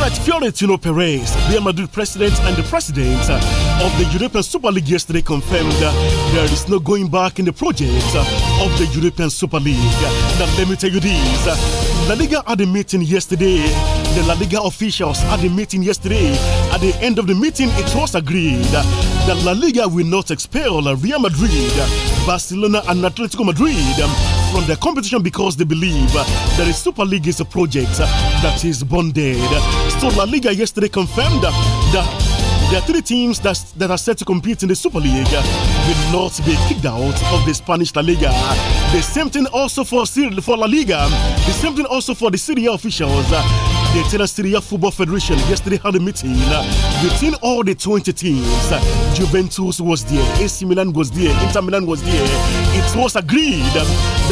At Fiorentino Perez, Real Madrid president and the president of the European Super League yesterday confirmed there is no going back in the project of the European Super League. Now, let me tell you this La Liga had a meeting yesterday. The La Liga officials had a meeting yesterday. At the end of the meeting, it was agreed that La Liga will not expel Real Madrid, Barcelona, and Atletico Madrid from the competition because they believe that the Super League is a project that is bonded. So La Liga yesterday confirmed that there are three teams that, that are set to compete in the Super League will not be kicked out of the Spanish La Liga. The same thing also for, for La Liga. The same thing also for the Serie officials. The Italian Football Federation yesterday had a meeting between all the 20 teams. Uh, Juventus was there, AC Milan was there, Inter Milan was there. It was agreed that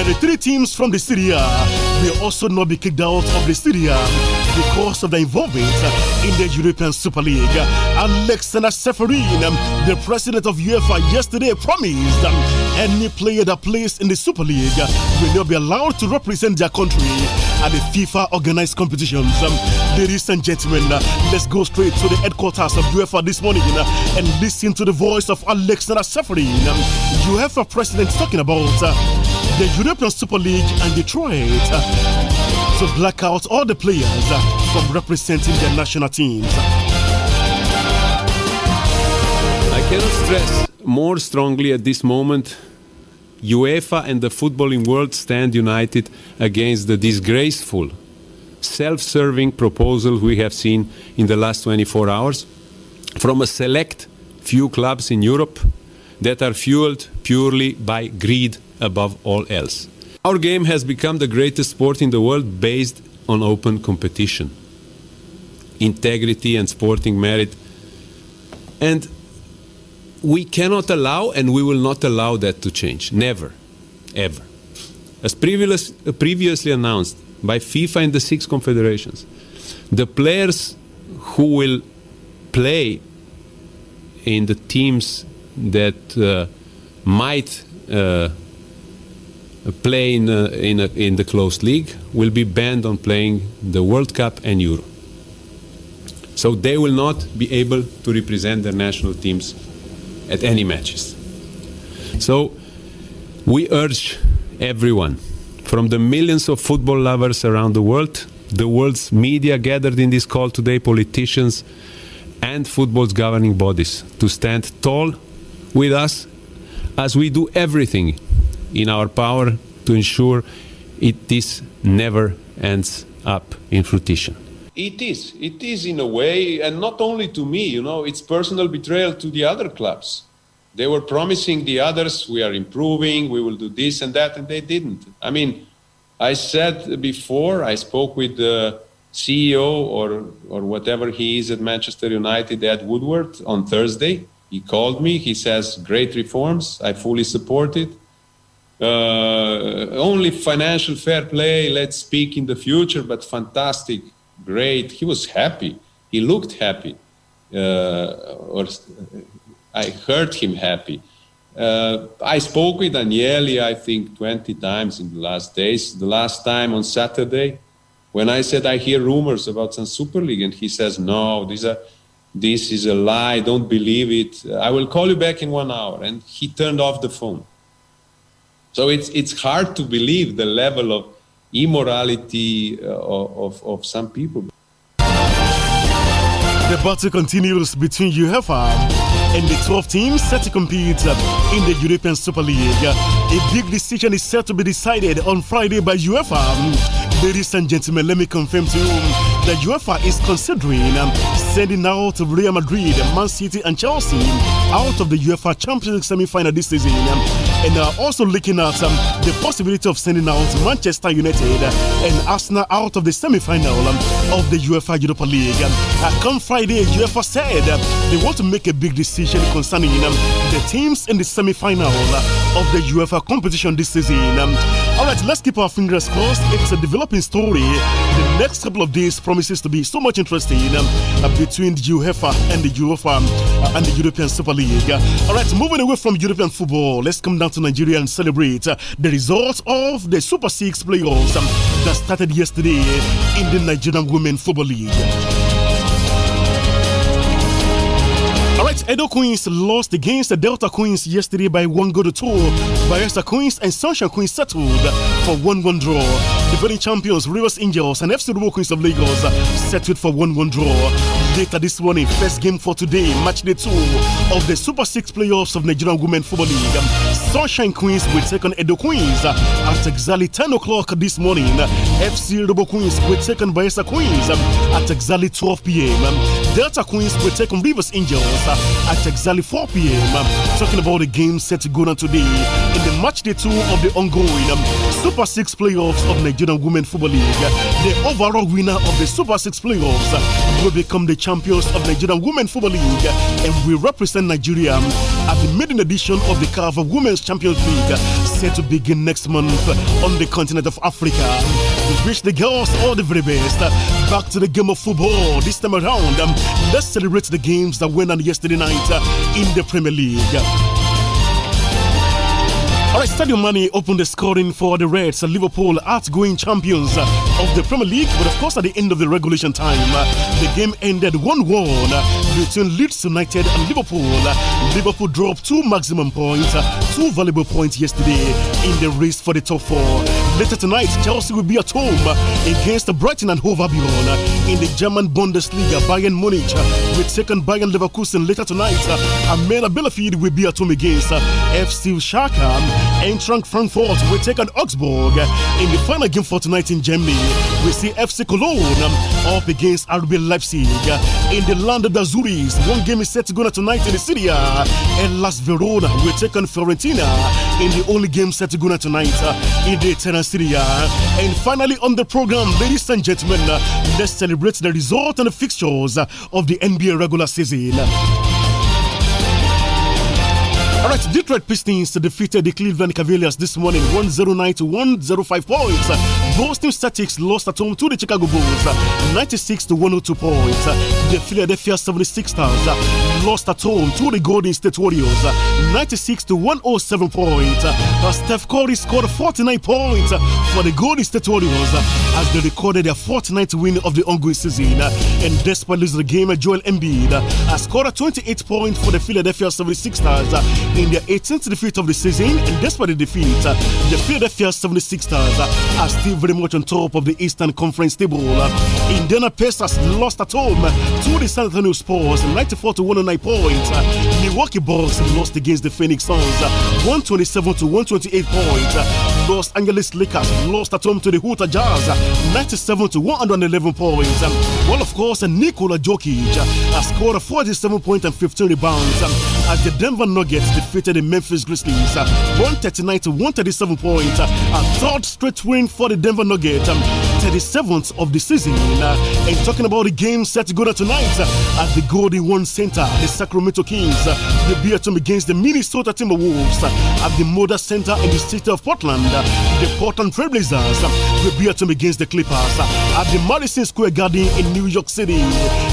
the three teams from the Syria will also not be kicked out of the Syria because of the involvement in the European Super League. Alexander Seferin, um, the president of UEFA, yesterday promised um, any player that plays in the Super League will not be allowed to represent their country at the FIFA organized competitions. Um, ladies and gentlemen, uh, let's go straight to the headquarters of UEFA this morning uh, and listen to the voice of Alexander Seferin, UEFA president, talking about uh, the European Super League and Detroit to black out all the players uh, from representing their national teams. I cannot stress more strongly at this moment UEFA and the footballing world stand united against the disgraceful, self serving proposal we have seen in the last 24 hours from a select few clubs in Europe that are fueled purely by greed above all else. Our game has become the greatest sport in the world based on open competition, integrity, and sporting merit. And we cannot allow and we will not allow that to change. Never, ever. As previous, uh, previously announced by FIFA and the six confederations, the players who will play in the teams that uh, might uh, Playing uh, in, a, in the closed league will be banned on playing the World Cup and Euro. So they will not be able to represent their national teams at any matches. So we urge everyone, from the millions of football lovers around the world, the world's media gathered in this call today, politicians and football's governing bodies, to stand tall with us as we do everything in our power to ensure it this never ends up in fruition. It is. It is in a way, and not only to me, you know, it's personal betrayal to the other clubs. They were promising the others, we are improving, we will do this and that, and they didn't. I mean, I said before, I spoke with the CEO or, or whatever he is at Manchester United, Ed Woodward, on Thursday. He called me, he says, great reforms, I fully support it uh, only financial fair play let's speak in the future but fantastic great he was happy he looked happy uh, or uh, i heard him happy uh, i spoke with Danielli. i think 20 times in the last days the last time on saturday when i said i hear rumors about some super league and he says no these are this is a lie don't believe it uh, i will call you back in one hour and he turned off the phone so it's, it's hard to believe the level of immorality uh, of, of some people. The battle continues between UEFA and the 12 teams set to compete in the European Super League. A big decision is set to be decided on Friday by UEFA. Ladies and gentlemen, let me confirm to you that UEFA is considering sending out Real Madrid, Man City, and Chelsea out of the UEFA Champions League semi final this season and are uh, also looking at um, the possibility of sending out Manchester United and Arsenal out of the semi final um, of the UEFA Europa League. Um, uh, come Friday, UEFA said uh, they want to make a big decision concerning um, the teams in the semi final uh, of the UEFA competition this season. Um, all right, let's keep our fingers crossed. It's a developing story. The next couple of days promises to be so much interesting um, uh, between the UEFA and the UEFA uh, and the European Super League. All right, moving away from European football, let's come down to Nigeria and celebrate uh, the results of the Super Six playoffs um, that started yesterday in the Nigerian Women Football League. Edo Queens lost against the Delta Queens yesterday by one goal to two. Barista Queens and Sunshine Queens settled for 1 1 draw. Defending champions Rivers Angels and FC Rubo Queens of Lagos settled for 1 1 draw later this morning. First game for today, match day two of the Super Six playoffs of Nigerian Women Football League. Sunshine Queens will take on Edo Queens at exactly 10 o'clock this morning. FC Robo Queens will take on Bayesa Queens at exactly 12 p.m. Delta Queens will take on Rivers Angels at exactly 4 p.m. Talking about the game set to go on today in the match day two of the ongoing Super Six playoffs of Nigerian Women Football League. The overall winner of the Super Six playoffs will become the champions of Nigerian Women Football League and will represent Nigeria at the maiden edition of the Carver Women's Champions League, set to begin next month on the continent of Africa. We wish the girls all the very best. Back to the game of football this time around. Um, let's celebrate the games that went on yesterday night in the Premier League. All right, Stadium Money opened the scoring for the Reds. Liverpool outgoing champions of the Premier League. But of course, at the end of the regulation time, the game ended 1 1 between Leeds United and Liverpool. Liverpool dropped two maximum points, two valuable points yesterday in the race for the top four. Later tonight, Chelsea will be at home against Brighton and Hove Albion in the German Bundesliga. Bayern Munich will take on Bayern Leverkusen later tonight. Amela Bielefeld will be at home against FC Schalke. Eintracht Frankfurt will take on Augsburg in the final game for tonight in Germany. We see FC Cologne up against RB Leipzig in the land of the Azuris. One game is set to go on tonight in the city. And Las Verona will take on Fiorentina in the only game set to go on tonight in the tennis. Syria. And finally, on the program, ladies and gentlemen, let's celebrate the results and the fixtures of the NBA regular season. All right, Detroit Pistons defeated the Cleveland Cavaliers this morning 109 to 105 points. Boston Celtics lost at home to the Chicago Bulls 96 to 102 points. The Philadelphia 76ers lost at home to the Golden State Warriors, uh, 96 to 107 points. Uh, Steph Curry scored 49 points uh, for the Golden State Warriors as they recorded their 49th win of the ongoing season. And despite losing the game, Joel Embiid scored 28 points for the Philadelphia 76ers in their 18th defeat of the season. And despite the defeat, the Philadelphia 76ers are still very much on top of the Eastern Conference table. Indiana Pacers lost at home to the San Antonio Spurs 94 to 109. 109 points. Milwaukee Bucks lost against the Phoenix Suns 127 to 128 points. Los Angeles Lakers lost at home to the Utah Jazz 97 to 111 points. Well, of course, Nikola Jokic has scored 47 points and 15 rebounds as the Denver Nuggets defeated the Memphis Grizzlies 139 to 137 points. A third straight win for the Denver Nuggets. 37th of the season. Uh, and talking about the game set to go tonight uh, at the Golden One Center, the Sacramento Kings uh, the team against the Minnesota Timberwolves at the Moda Center in the city of Portland. The Portland Trailblazers will team against the Clippers at the Madison Square Garden in New York City.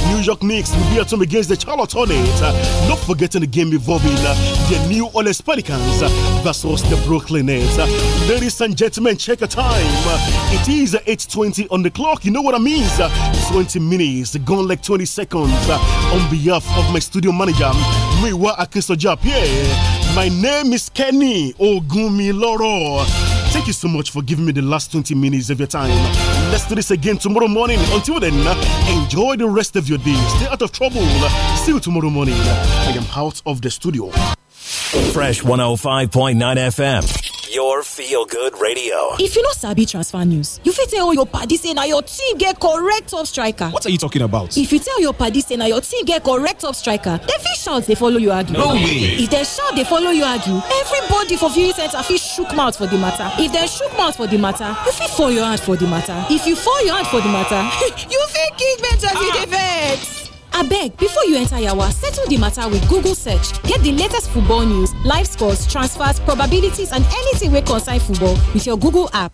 New York Knicks will team against the Charlotte Hornets. Not forgetting the game involving the New Orleans Pelicans versus the Brooklyn Nets. Ladies and gentlemen, check the time. It is 8.20 on the clock. You know what I mean? 20 minutes, gone like 20 seconds. On behalf of my studio manager, Miwa appear. My name is Kenny Ogumiloro. Thank you so much for giving me the last 20 minutes of your time. Let's do this again tomorrow morning. Until then, enjoy the rest of your day. Stay out of trouble. See you tomorrow morning. I am out of the studio. Fresh 105.9 FM your feel good radio. If you know sabi transfer news, you fit tell your party say now your team get correct top striker. What are you talking about? If you tell your party say now your team get correct top striker, they fit shout they follow you argue. No way. If they shout they follow you argue, everybody for viewing centre fit shook mouth for the matter. If they shook mouth for the matter, you fit fall your hand for the matter. If you fall your hand for the matter, you fit kick bench the you dey abeg before you enter yawa settle the matter with google search get the latest football news live scores transfers probabilities and anything wey concern football with your google app.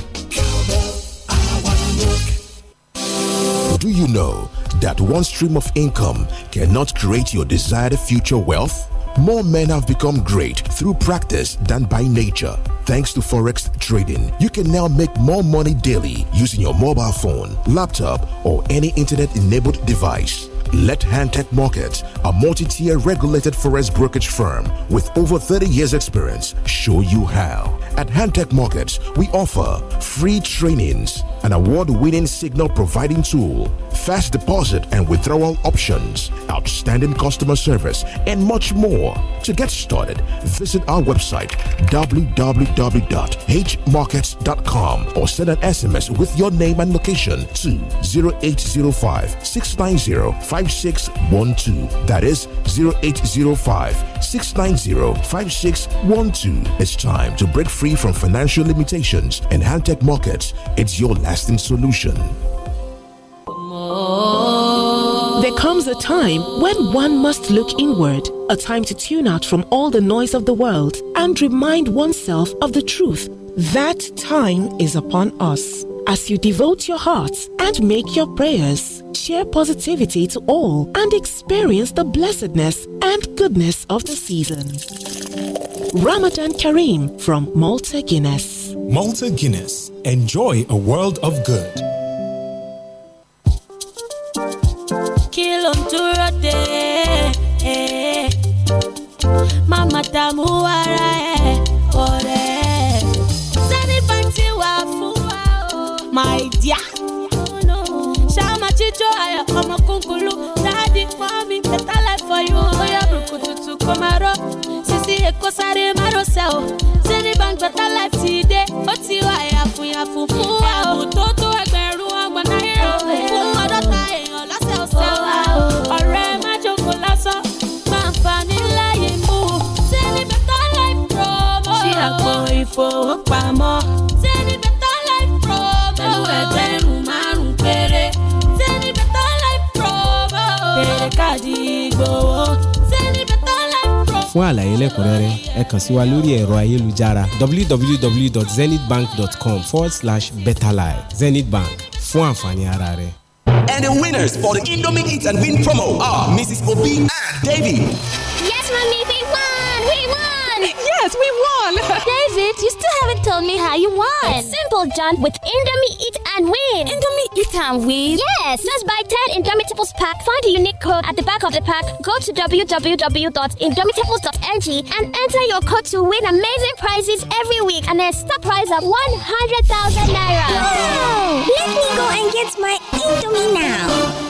do you know that one stream of income cannot create your desired future wealth? More men have become great through practice than by nature. Thanks to Forex trading, you can now make more money daily using your mobile phone, laptop, or any internet enabled device. Let Hantech Markets, a multi tier regulated forex brokerage firm with over 30 years' experience, show you how. At Hantech Markets, we offer free trainings an award winning signal providing tool, fast deposit and withdrawal options, outstanding customer service, and much more. To get started, visit our website www.hmarkets.com or send an SMS with your name and location to 0805 690 5612. That is 0805 690 5612. It's time to break free from financial limitations and high tech markets. It's your last lasting solution. There comes a time when one must look inward, a time to tune out from all the noise of the world and remind oneself of the truth. That time is upon us. As you devote your hearts and make your prayers, share positivity to all and experience the blessedness and goodness of the season. Ramadan Kareem from Malta Guinness. Malta Guinness. Enjoy a world of good. Kill on ń dúró dé? Má má dààmú ara ẹ̀ My dear. Ṣá máa jíjó ayọ̀ ọmọ kúnkúlú. Dáàdi pọ́n better life for you. Ó yẹ burúkú tuntun kó kó sáré márosẹ̀ o ṣé ní gbàngbàtà láti dé ó ti wà yàfùyàfù fún wa o. ẹ̀bùn tó tó ẹgbẹ̀rún ọgbọ̀n náírà fún ọdọ́ta èèyàn lọ́sẹ̀ ọ̀sẹ̀ o. ọ̀rẹ́ má jókòó lásán máa ń fa nílá yìí mú o. ṣé ní bẹ́tà life promo. ṣí àpò ìfowópamọ́. fún àlàyé lẹ́kùnrẹ́rẹ́ ẹ kàn sí wa lórí ẹ̀rọ ayélujára www.zenithbank.com betterlife Zenith fún àǹfààní ara rẹ. And the winners for the Indomie Eat and Win promo are Mrs. Obi and David. Yes, mommy, we won! We won! Yes, we won! you want. It's simple, John. With Indomie Eat and Win. Indomie Eat and Win? Yes. Just buy 10 Indomie Tipples pack. Find the unique code at the back of the pack. Go to www.indomitables.ng and enter your code to win amazing prizes every week and a stock prize of 100,000 Naira. Wow. Let me go and get my Indomie now.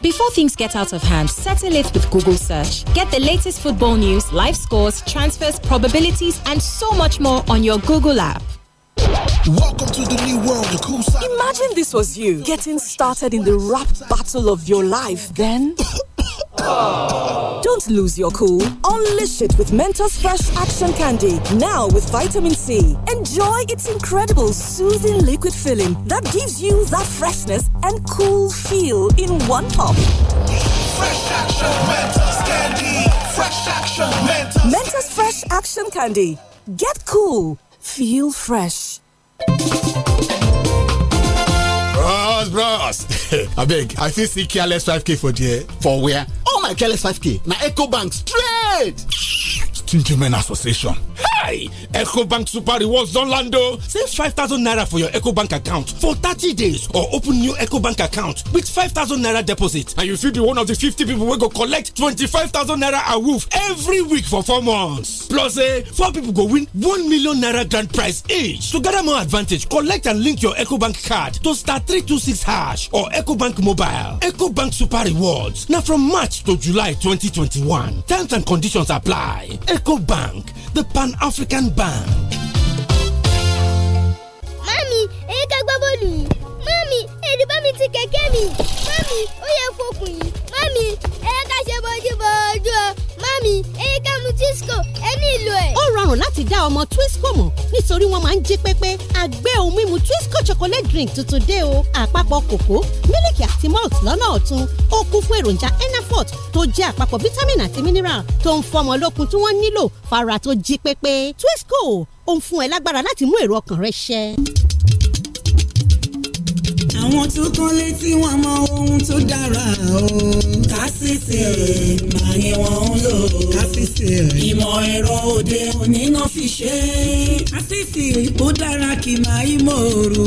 Before things get out of hand, settle it with Google search. Get the latest football news, live scores, transfers, probabilities, and so much more on your Google app. Welcome to the new world of cool side. Imagine this was you getting started in the rap battle of your life. Then. Don't lose your cool. Unleash it with Mentos Fresh Action Candy, now with vitamin C. Enjoy its incredible soothing liquid filling that gives you that freshness and cool feel in one pop. Fresh Action Mentos Candy. Fresh Action Mentos. Mentos Fresh Action Candy. Get cool. Feel fresh. bros bros I beg. i fit see careless 5k for the for where? oh my careless 5k na ecobank straight Gentlemen Association. Hey! EcoBank Super Rewards don land o! Save 5,000 naira for your EcoBank account for 30 days or open new EcoBank account with 5,000 naira deposit and you fit be one of the 50 people wey go collect 25,000 naira awoof every week for four months. Plus eh, four people go win 1 million naira grand prize each. To gather more advantage, collect and link your EcoBank card to start 326 hash or EcoBank mobile. EcoBank Super Rewards na from March to July 2021. Terms and conditions apply. Eco Bank, the Pan African Bank. Mami, èyí ká gbá bọ́ọ̀lù yìí. Mami, èdè bá mi ti kẹ̀kẹ́ mi. Mami, ó yẹ fokùn yìí. Mami, èyí ká ṣe bójú bọ́ọ̀ mi. Eka mu Twisco ẹ nílò ẹ̀. Ó rọrùn láti dá ọmọ Twisco mọ̀ nítorí wọ́n máa ń jí pépé. Àgbẹ̀ ohun mímu Twisco chocolate drink tuntun dé o. Àpapọ̀ kòkó, mílìkì àti malt lọ́nà ọ̀tun. Ó kún fún èròjà Enafort tó jẹ́ àpapọ̀ vitamin àti mineral tó ń fọmọ lókun tí wọ́n nílò fara tó jí pépé. Twisco ó ń fún ẹ lágbára láti mú èrò ọkàn rẹ ṣẹ àwọn tó kán létí wọn mọ ohun tó dára o. kásìsì máa ní wọn ń lò. kásìsì ìmọ̀ ẹ̀rọ òde òní náà fi ṣe é. kásìsì ó dára kì máa í mòrò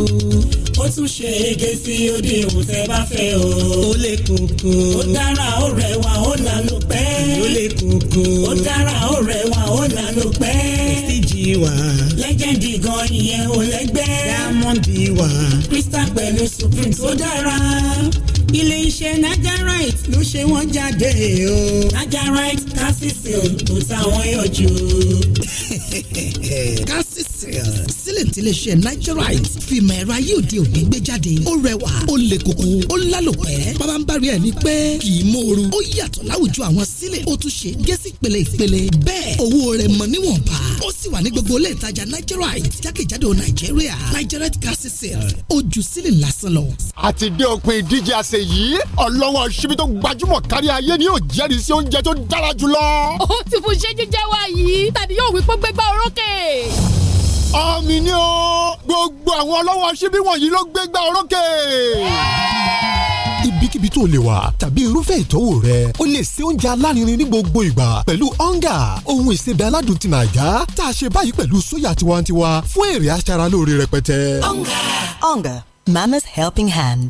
ó tún ṣe ege sí òde òun tẹ́ bá fẹ́ o. ó le koko. ó dára ó rẹwà ó là ló pẹ́. ó le koko. ó dára ó rẹwà ó là ló pẹ́ bí wà. lẹ́jẹ̀ndì gan ìyẹn ò lẹ́gbẹ́. diamond bí wà. crystal pẹ̀lú supreme tó dára. ilé iṣẹ́ nigerite ló ṣe wọ́n jáde o. nigerite calcicil tó táwọn yọjú. calcicil Brazil sílẹ̀ tí lè ṣe nigerite fìmọ̀ ẹ̀rọ ayé òde òní gbé jáde ó rẹwà ó lè kókó ó lálòpẹ́ bàbá ń bari ẹ̀ ní pẹ́ kì í mòoru ó yàtọ̀ láwùjọ àwọn sílẹ̀ ó tún ṣe gẹ́sì pèlè ìpèlè bẹ́ẹ̀ owó rẹ̀ mọ̀ níwọ̀nba ó sì wà ní gbogbo ilé ìtajà nigerite jákèjádò nàìjíríà nigerite gas sale ojú sílẹ̀ lásán lọ. àti dé òpin ìdíje àṣẹ yìí ọlọ́wọ́ ṣíbí tó gbajúmọ̀ kárí ayé ni yóò jẹ́rìí sí oúnjẹ tó dára jùlọ. ó ti fún ṣẹ́jíjẹ́ ọmọ ni ó gbogbo àwọn ọlọ́wọ́ ṣíbí wọ̀nyí ló gbégbá orókè. Ibikíbi tó lè wà tàbí irúfẹ́ ìtọ́wò rẹ o lè ṣe oúnjẹ alárinrin ní gbogbo ìgbà pẹ̀lú ọ̀ngà ohun ìsebẹ̀ aládùn ti Nàìjà tá a ṣe báyìí pẹ̀lú sóyà tiwantiwa fún èrè aṣaralóore rẹpẹtẹ. ọ̀ngà ọ̀ngà Mama's Helping Hand.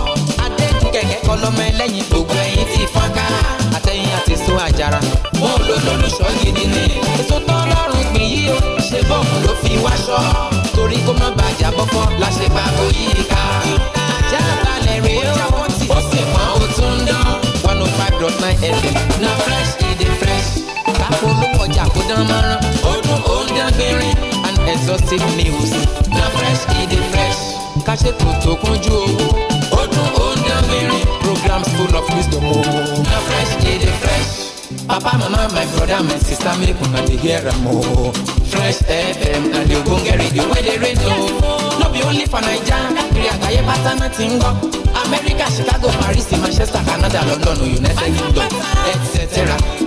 kẹ̀kẹ́ kọ́ lọ́mọ ẹlẹ́yin gbogbo ẹ̀yin ti fọ́n ká àtẹ̀yìn àti so àjàrà. mo lò lólùṣọ́ gidi ni èso tọ́lọ́run gbìn yí o ṣe bọ́ọ̀mù ló fi wáṣọ torí kó má bàjá bọ́kọ́ la ṣe bá oyè ká. jábàlẹ̀ rèé o ó sì mọ́ o tún dán one oh five dot nine fm na fresh e dey fresh káfó olówó ọjà kó dán mọ́rán ó dún òun and exhaustive news na fresh e dey fresh ká ṣètò tó kúnjú owó odun oúnjẹ mìíràn. programs full of wisdom o. Oh. na fresh dey dey fresh. papa mama my broda my sista make una dey hear am o. Oh. fresh fm na di ogbonge radio wey dey rain o. Oh. no be only for naija Nigeria, àgbáyé pátá náà ti ń gbọ́. america chicago paris manchester canada london united kingdom etc.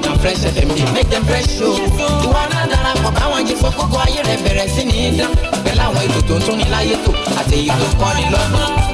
na fresh fm dey make dem fresh o. ìwọ náà darapọ̀ káwọn jí fún kókó ayé rẹ̀ bẹ̀rẹ̀ sí ní dán. pẹ̀lú àwọn ètò tó ń tún ní láyé tó àtẹ̀yí tó ń kọ́ni lọ́gbọ́n.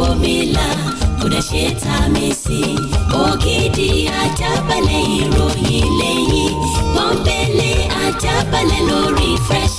omila kò dẹ̀ ṣe ta mi sí i. ògidì ajábalẹ̀ ìròyìn lẹ́yìn pọ́npẹ́lẹ́ ajábalẹ̀ lórí Fresh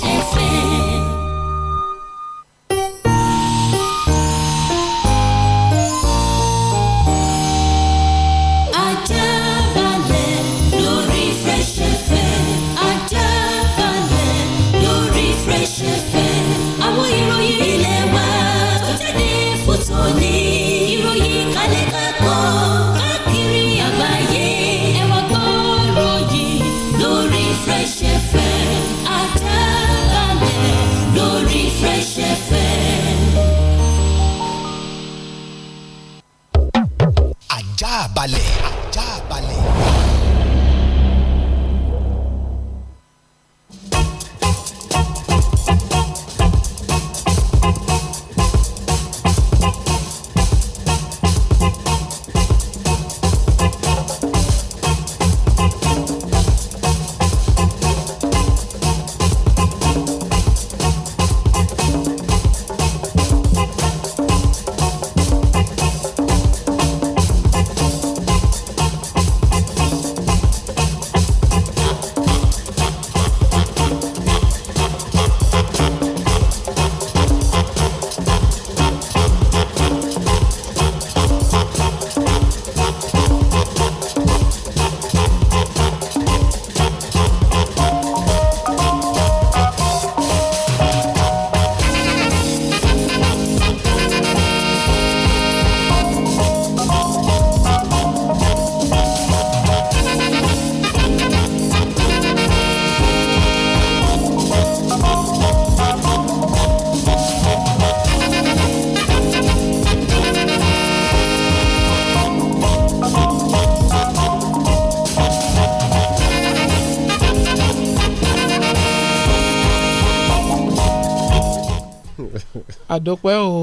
àdọ́pẹ́ o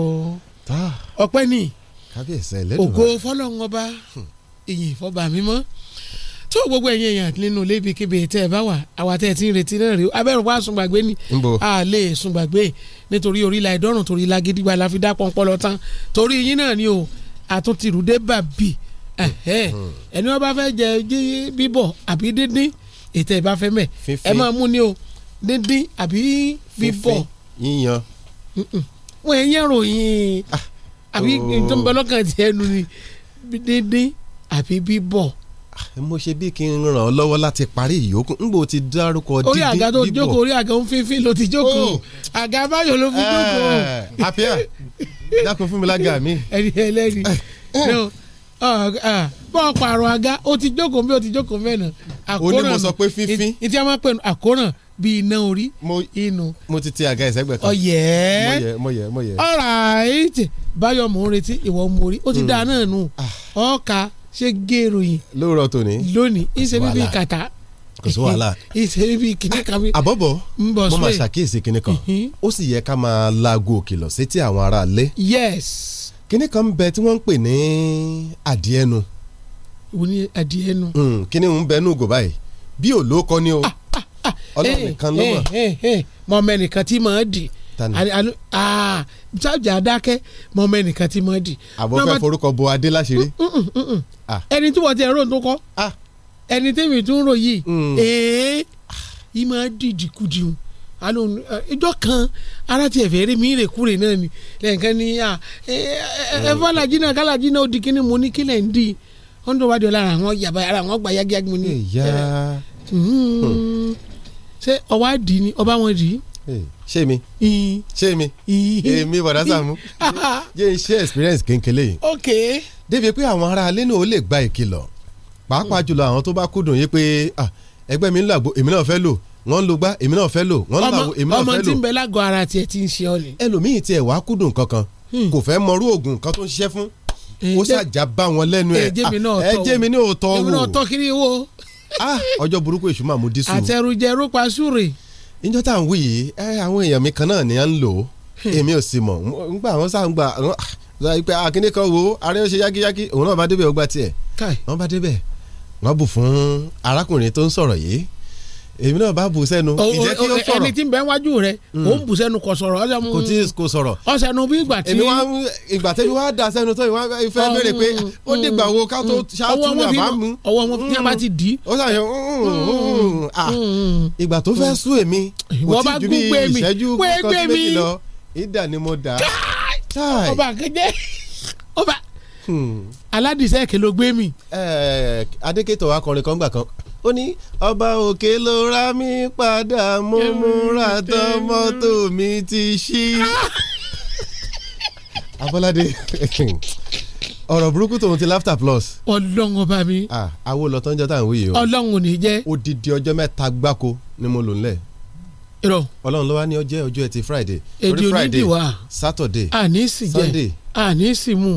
ọpẹ́ ni ògo fọlọ́run ọba ìyìn fọba mímọ́ tó gbogbo ẹ̀yin èèyàn nínú ilé ibi tẹ́ ẹ bá wà àwa tẹ́ ẹ ti ń retí náà rí o wa sùn ni a lè sùn gbàgbé nítorí orílẹ̀ ìdọ́rùn torí lágídígba la fi dá pọ́npọ́lọ́ tán torí yín náà ni o àtúntìrúdé bàbí hmm. ẹni wọn bá fẹ́ jẹ bíbọ̀ àbí díndín ètò ẹ̀ bá fẹ́ mẹ́ ẹ máa mú ni o díndín àbí bíbọ̀ yíyan wọn ẹ̀ yẹn ròyìn ah, àbí tó ń bẹ lọ́kàn tiẹ̀ nu ni déédéé àbí bíbọ̀ ah, mo ṣe bí kí n ràn ọ́ lọ́wọ́ láti parí ìyókù n bò ti dárúkọ dídí bíbọ̀ orí àga tó jókòó orí àga ń fínfín ló ti jókòó àga báyọ̀ ló fi jókòó. Eh, àpẹẹ dákun fún mi lága mi. ẹni ẹlẹ́ni eh, eh. Ah, bọ́ ọ pààrọ̀ àga ó ti jókòó bí ó ti jókòó mẹ́rin. ó sọ pé fínfín. ìtí a máa ń pè ní àkóràn bí iná orí inú. mo ti ti àga ìsẹ́gbẹ̀ kan. ọ̀yẹ́ mọ̀yẹ́ mọ̀yẹ́. alright báyọ̀ mò ń retí ìwọ mú orí ó ti hmm. dáa náà nù ah. ọ̀ọ́ka ṣe géèrò yìí. lóòrọ̀ tòní. lónìí ìṣe bíbí kàtà. kò sí wàhálà. ìṣe bíbí kìnnì kan. àbọ̀bọ̀ mo máa ṣàkíyèsí kìnnì kan mhm. ó sì yẹ ká máa laago òkìlọ̀ sétí àwọn ará ilé. yes. kìnnì kan bẹ tí wọ́n ń pè ní adìẹnu. wo ni adìẹnu. Hmm, kìnnì ń bẹ nù gò báyìí bí òlókọ ni o. Ah Ah, ọlọ́run eh, nìkan ló eh, mọ̀. Eh, mọ̀mọ́ ẹnìkan tí mọ̀ ọ́ dì sáàjà ah, adákẹ́ mọ̀mọ́ ẹnìkan tí mọ̀ ọ́ dì. àbọ̀fẹ́ forúkọ bo adé láṣìírí. Mm, mm, mm, ah. ẹni tí wọ́n ti ẹ̀rọ tó kọ́ ẹni tẹ́mi tó ń rò yìí ẹ̀ẹ́ ìmọ̀ dìdì kùdìún alo ìjọ kan ara ti ẹ̀fẹ̀ eré mi rè kúrè náà ni lẹ́ǹkan ni ẹ ẹ fọlájí náà kálájí náà ó di kíní mo ní kílẹ̀ ń di wọ́n ọ̀la ara wọn yàgbá ara mo ní ṣé ọwọ́ àdì ni ọba wọn dì í. ṣé mi ṣé mi èmi bọ̀dá Sàámú jẹ́ n experience kékeré yìí. ok. débi pé àwọn ará alẹ́ náà ó lè gba ìkìlọ̀ pàápàá hmm. jùlọ àwọn tó bá kúndùn yìí pé ẹgbẹ́ mi ń làgbo èmi náà fẹ́ lò wọ́n ń lo gbá èmi náà fẹ́ lò wọ́n ń làgbo èmi náà fẹ́ lò. ọmọ tí ń bẹ lágọ̀ọ́ ara tiẹ̀ ti ń ṣe ọ lè. ẹlòmíì tiẹ̀ wá kúndùn kankan hmm. kò fẹ́ mọrú oògùn kan tó ń ṣiṣẹ́ fún ó ṣàjà bá wọn lẹ́nu ẹ̀ ẹ jẹ́ mi náà tọ́ wò ẹ jẹ́ mi náà tọ́ wò Ah, ọjọ́ burúkú èṣù máa mú dísù. àtẹrùjẹrù pa súre. níjọ́ tá à ń wí yìí àwọn èèyàn mi kan náà ni à ń lò ó hmm. èmi ò sì mọ̀ ngbà wọn sá ngbà pé akíní kan wo arẹ́wọ́n ṣe yákíyákí òun náà bá débẹ̀ ọgbà tiẹ̀ wọ́n bá débẹ̀ wọ́n bù fún arákùnrin tó ń sọ̀rọ̀ yìí èmi náà bá bù sẹ́nu ìjẹ́ kí ó sọ̀rọ̀ ẹni tí ń bẹ wájú rẹ hmm. ó ń bù sẹ́nu kò sọ̀rọ̀ ọ̀sẹ̀ mu kò tí kò sọ̀rọ̀ ọ̀sẹ̀ nu bí ìgbà tí. èmi wá ìgbà tẹ́mi wá da sẹ́nu tó ìwà ìfẹ́ hmm. béèrè pé ó dìgbà wo ká tó hmm. ṣáàtú àbá mu ọwọ́ wọn tí a bá ti di. ó ṣàyẹ̀ ah, ìgbà tó fẹ́ sún èmi kò tí ju bí ìṣẹ́jú kan méjì lọ ìdà ni mo dà. ọba àkẹjẹ ọba aládìsẹ́ kẹlẹ gbé mi. adékètò akọrin kan gbà ó ní ọba òkè ló rá mi padà mo múra tán mọ́tò mi ti ṣí. abọ́ládé ọ̀rọ̀ burúkú tòun ti laughter plus. ọlọ́run ọba mi. àwo lọ tán jẹ́ tá à ń wí yìí o. ọlọ́run ò ní jẹ́. odidi ọjọ́ mẹ́ta gbáko ni mo lò nílẹ̀. irọ́. ọlọ́run ló wá ní ọjọ́ ọjọ́ ẹtì friday. èdè onídìwà saturday àní sì jẹ sunday àní sì mú.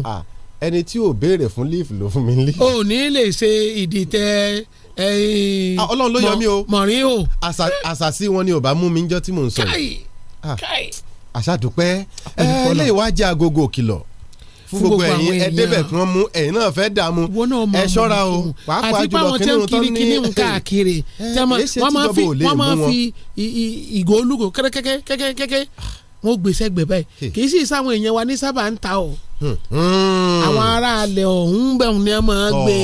ẹni tí ò béèrè fún leave ló fún mi leave. o ní lè ṣe ìdìtẹ́ Ah, ọlọ́run ló yọ mí o mọ̀rín o àṣàṣì wọn ni ò bá mú mi jọ́ tí mò ń sọ yìí àṣàdùpẹ́ ilé ìwádìí agogo òkìlọ̀ fún gbogbo ẹ̀yin ẹ débẹ̀ kí wọ́n mú ẹ̀yin náà fẹ́ dààmú ẹ ṣọ́ra o pàápàá jùlọ kínní tó ní kínní ń káàkiri eh, wọ́n máa fi wọ́n máa fi ìgò olúgo kẹ́kẹ́kẹ́kẹ́kẹ́ wọ́n gbèsè gbè báyìí kì í sì sáwọn èèyàn wa ní sábà ń ta o hmm. Hmm. àwọn ará alẹ̀ ọ̀hún bẹ̀rù ni wọ́n máa gbé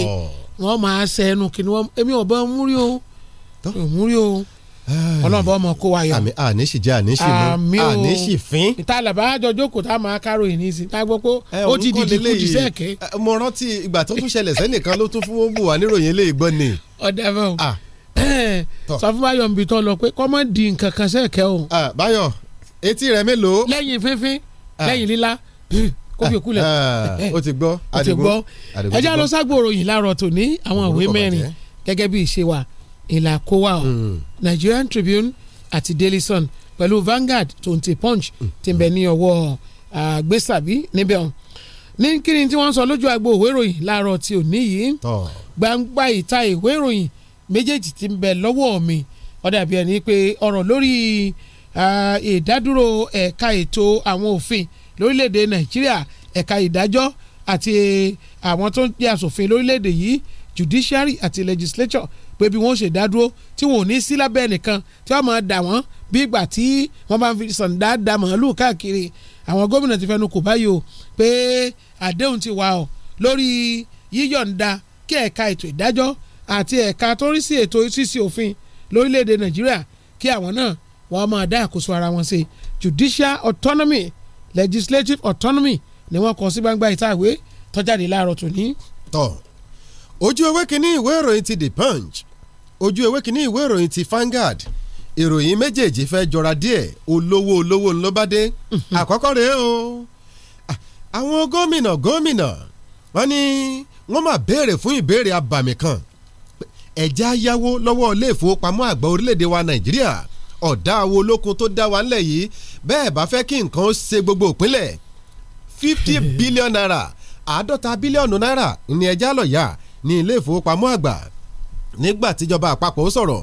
wọ́n máa ṣe ẹnu kìnnìún wọn èmi ò bá mú rí o ò mú rí o ọlọ́ọ̀bọ ọmọ kó wa yọ. àmì àní sì jẹ́ àní sì mú àní sì fín. ìtàlàbà àjọjọ kò tá a máa kárò yìí nísìn tá a gbọ́ pé ó ti dìdì kú ti sẹ́ẹ̀kẹ́. mo rántí ìgbà tó tún ṣẹlẹ̀ sẹ́nìkan ló tún fún bùwá níròyìn eléyìí gbọ́ ni. ọ̀dà bẹ́ẹ̀ o sọ fún báyọ̀ nbí lọ pé kọ́mọ́ di nǹkan kan sẹ́ẹ̀kẹ́ o. báyọ̀ etí rẹ mélòó. lẹ́yìn fínfín lẹ́yìn lílá kó fi kulẹ̀. Ah, ó ti gbọ́ ó ti gbọ́ ẹ já lọ ságbóró yìí láàárọ̀ tòní àwọn ìwé mẹ́rin gẹ́gẹ́ bí ìṣe wa ìlà kó wa o hmm. Nigerian Tribune àti Daily Sun pẹ̀lú Vanguard tó ń ti Punch ti bẹ̀ ní ọwọ́ gbèsàbí níbẹ̀ ọ̀hún ní kíni tí wọ́n sọ lójú agbo ìwé ìròyìn láàárọ̀ tí ò ní yìí gbangba ìta ìwé ìròyìn méjèèjì ti ń lọ́wọ́ mi ó dàbí ẹni pé ọ̀rọ̀ lórí ìdádúró ẹ̀ka ètò àwọn òfin lórílẹ̀‐èdè nàìjíríà ẹ̀ka ìdájọ́ àti àwọn tó ń jẹ́ asòfin lórílẹ̀‐èdè yìí judiciary àti legislature pé bí wọ́n ṣe dádúró tí wọ́n ò ní sí lábẹ́ nìkan tí wọ́n máa dà wọ́n bí ìgbà tí wọ́n bá ń fi sàǹdá da màálù káàkiri àwọn gómìnà ti fẹnu kò báyìí o pé àdéhùn ti wà o lórí yíyọ̀ǹda kí ẹ̀ka ètò ìdájọ́ àti ẹ̀ka tó ń rí sí ètò ṣíṣe òfin lórílẹ̀‐èdè nàìjíríà kí àwọn náà wọ́n máa dá àkóso ara wọn ṣe judicial autonomy legislative autonomy ni wọ́n kọ sí gbangba ìta ìwé tó jáde láàárọ̀ tòní. tọ ojú ewé kínní ìwé ìròyìn ti the punch ojú ewé kínní ìwé ìròyìn ti Vanguard ìròyìn méjèèjì fẹ́ jọra díẹ̀ olówó olówó ló bá dé mm-hmm. àkọ́kọ́ rèé o àwọn gómìnà gómìnà wọ́n ní wọ́n máa béèrè fún ìbéèrè abàmì kan ẹ̀já yáwó lọ́wọ́ ilé ìfowópamọ́ àgbà orílẹ̀-èdè wa Nàìjíríà ọ̀dá awo olókun tó dá wa ńlẹ̀ yìí bẹ́ẹ̀ bá fẹ́ kí nǹkan ṣe gbogbo ìpínlẹ̀ fifty billion naira àádọ́ta bílíọ̀nù náírà ní ẹja lọ́ọ̀yà ní ilé ìfowópamọ́ àgbà nígbà tíjọba àpapọ̀ ó sọ̀rọ̀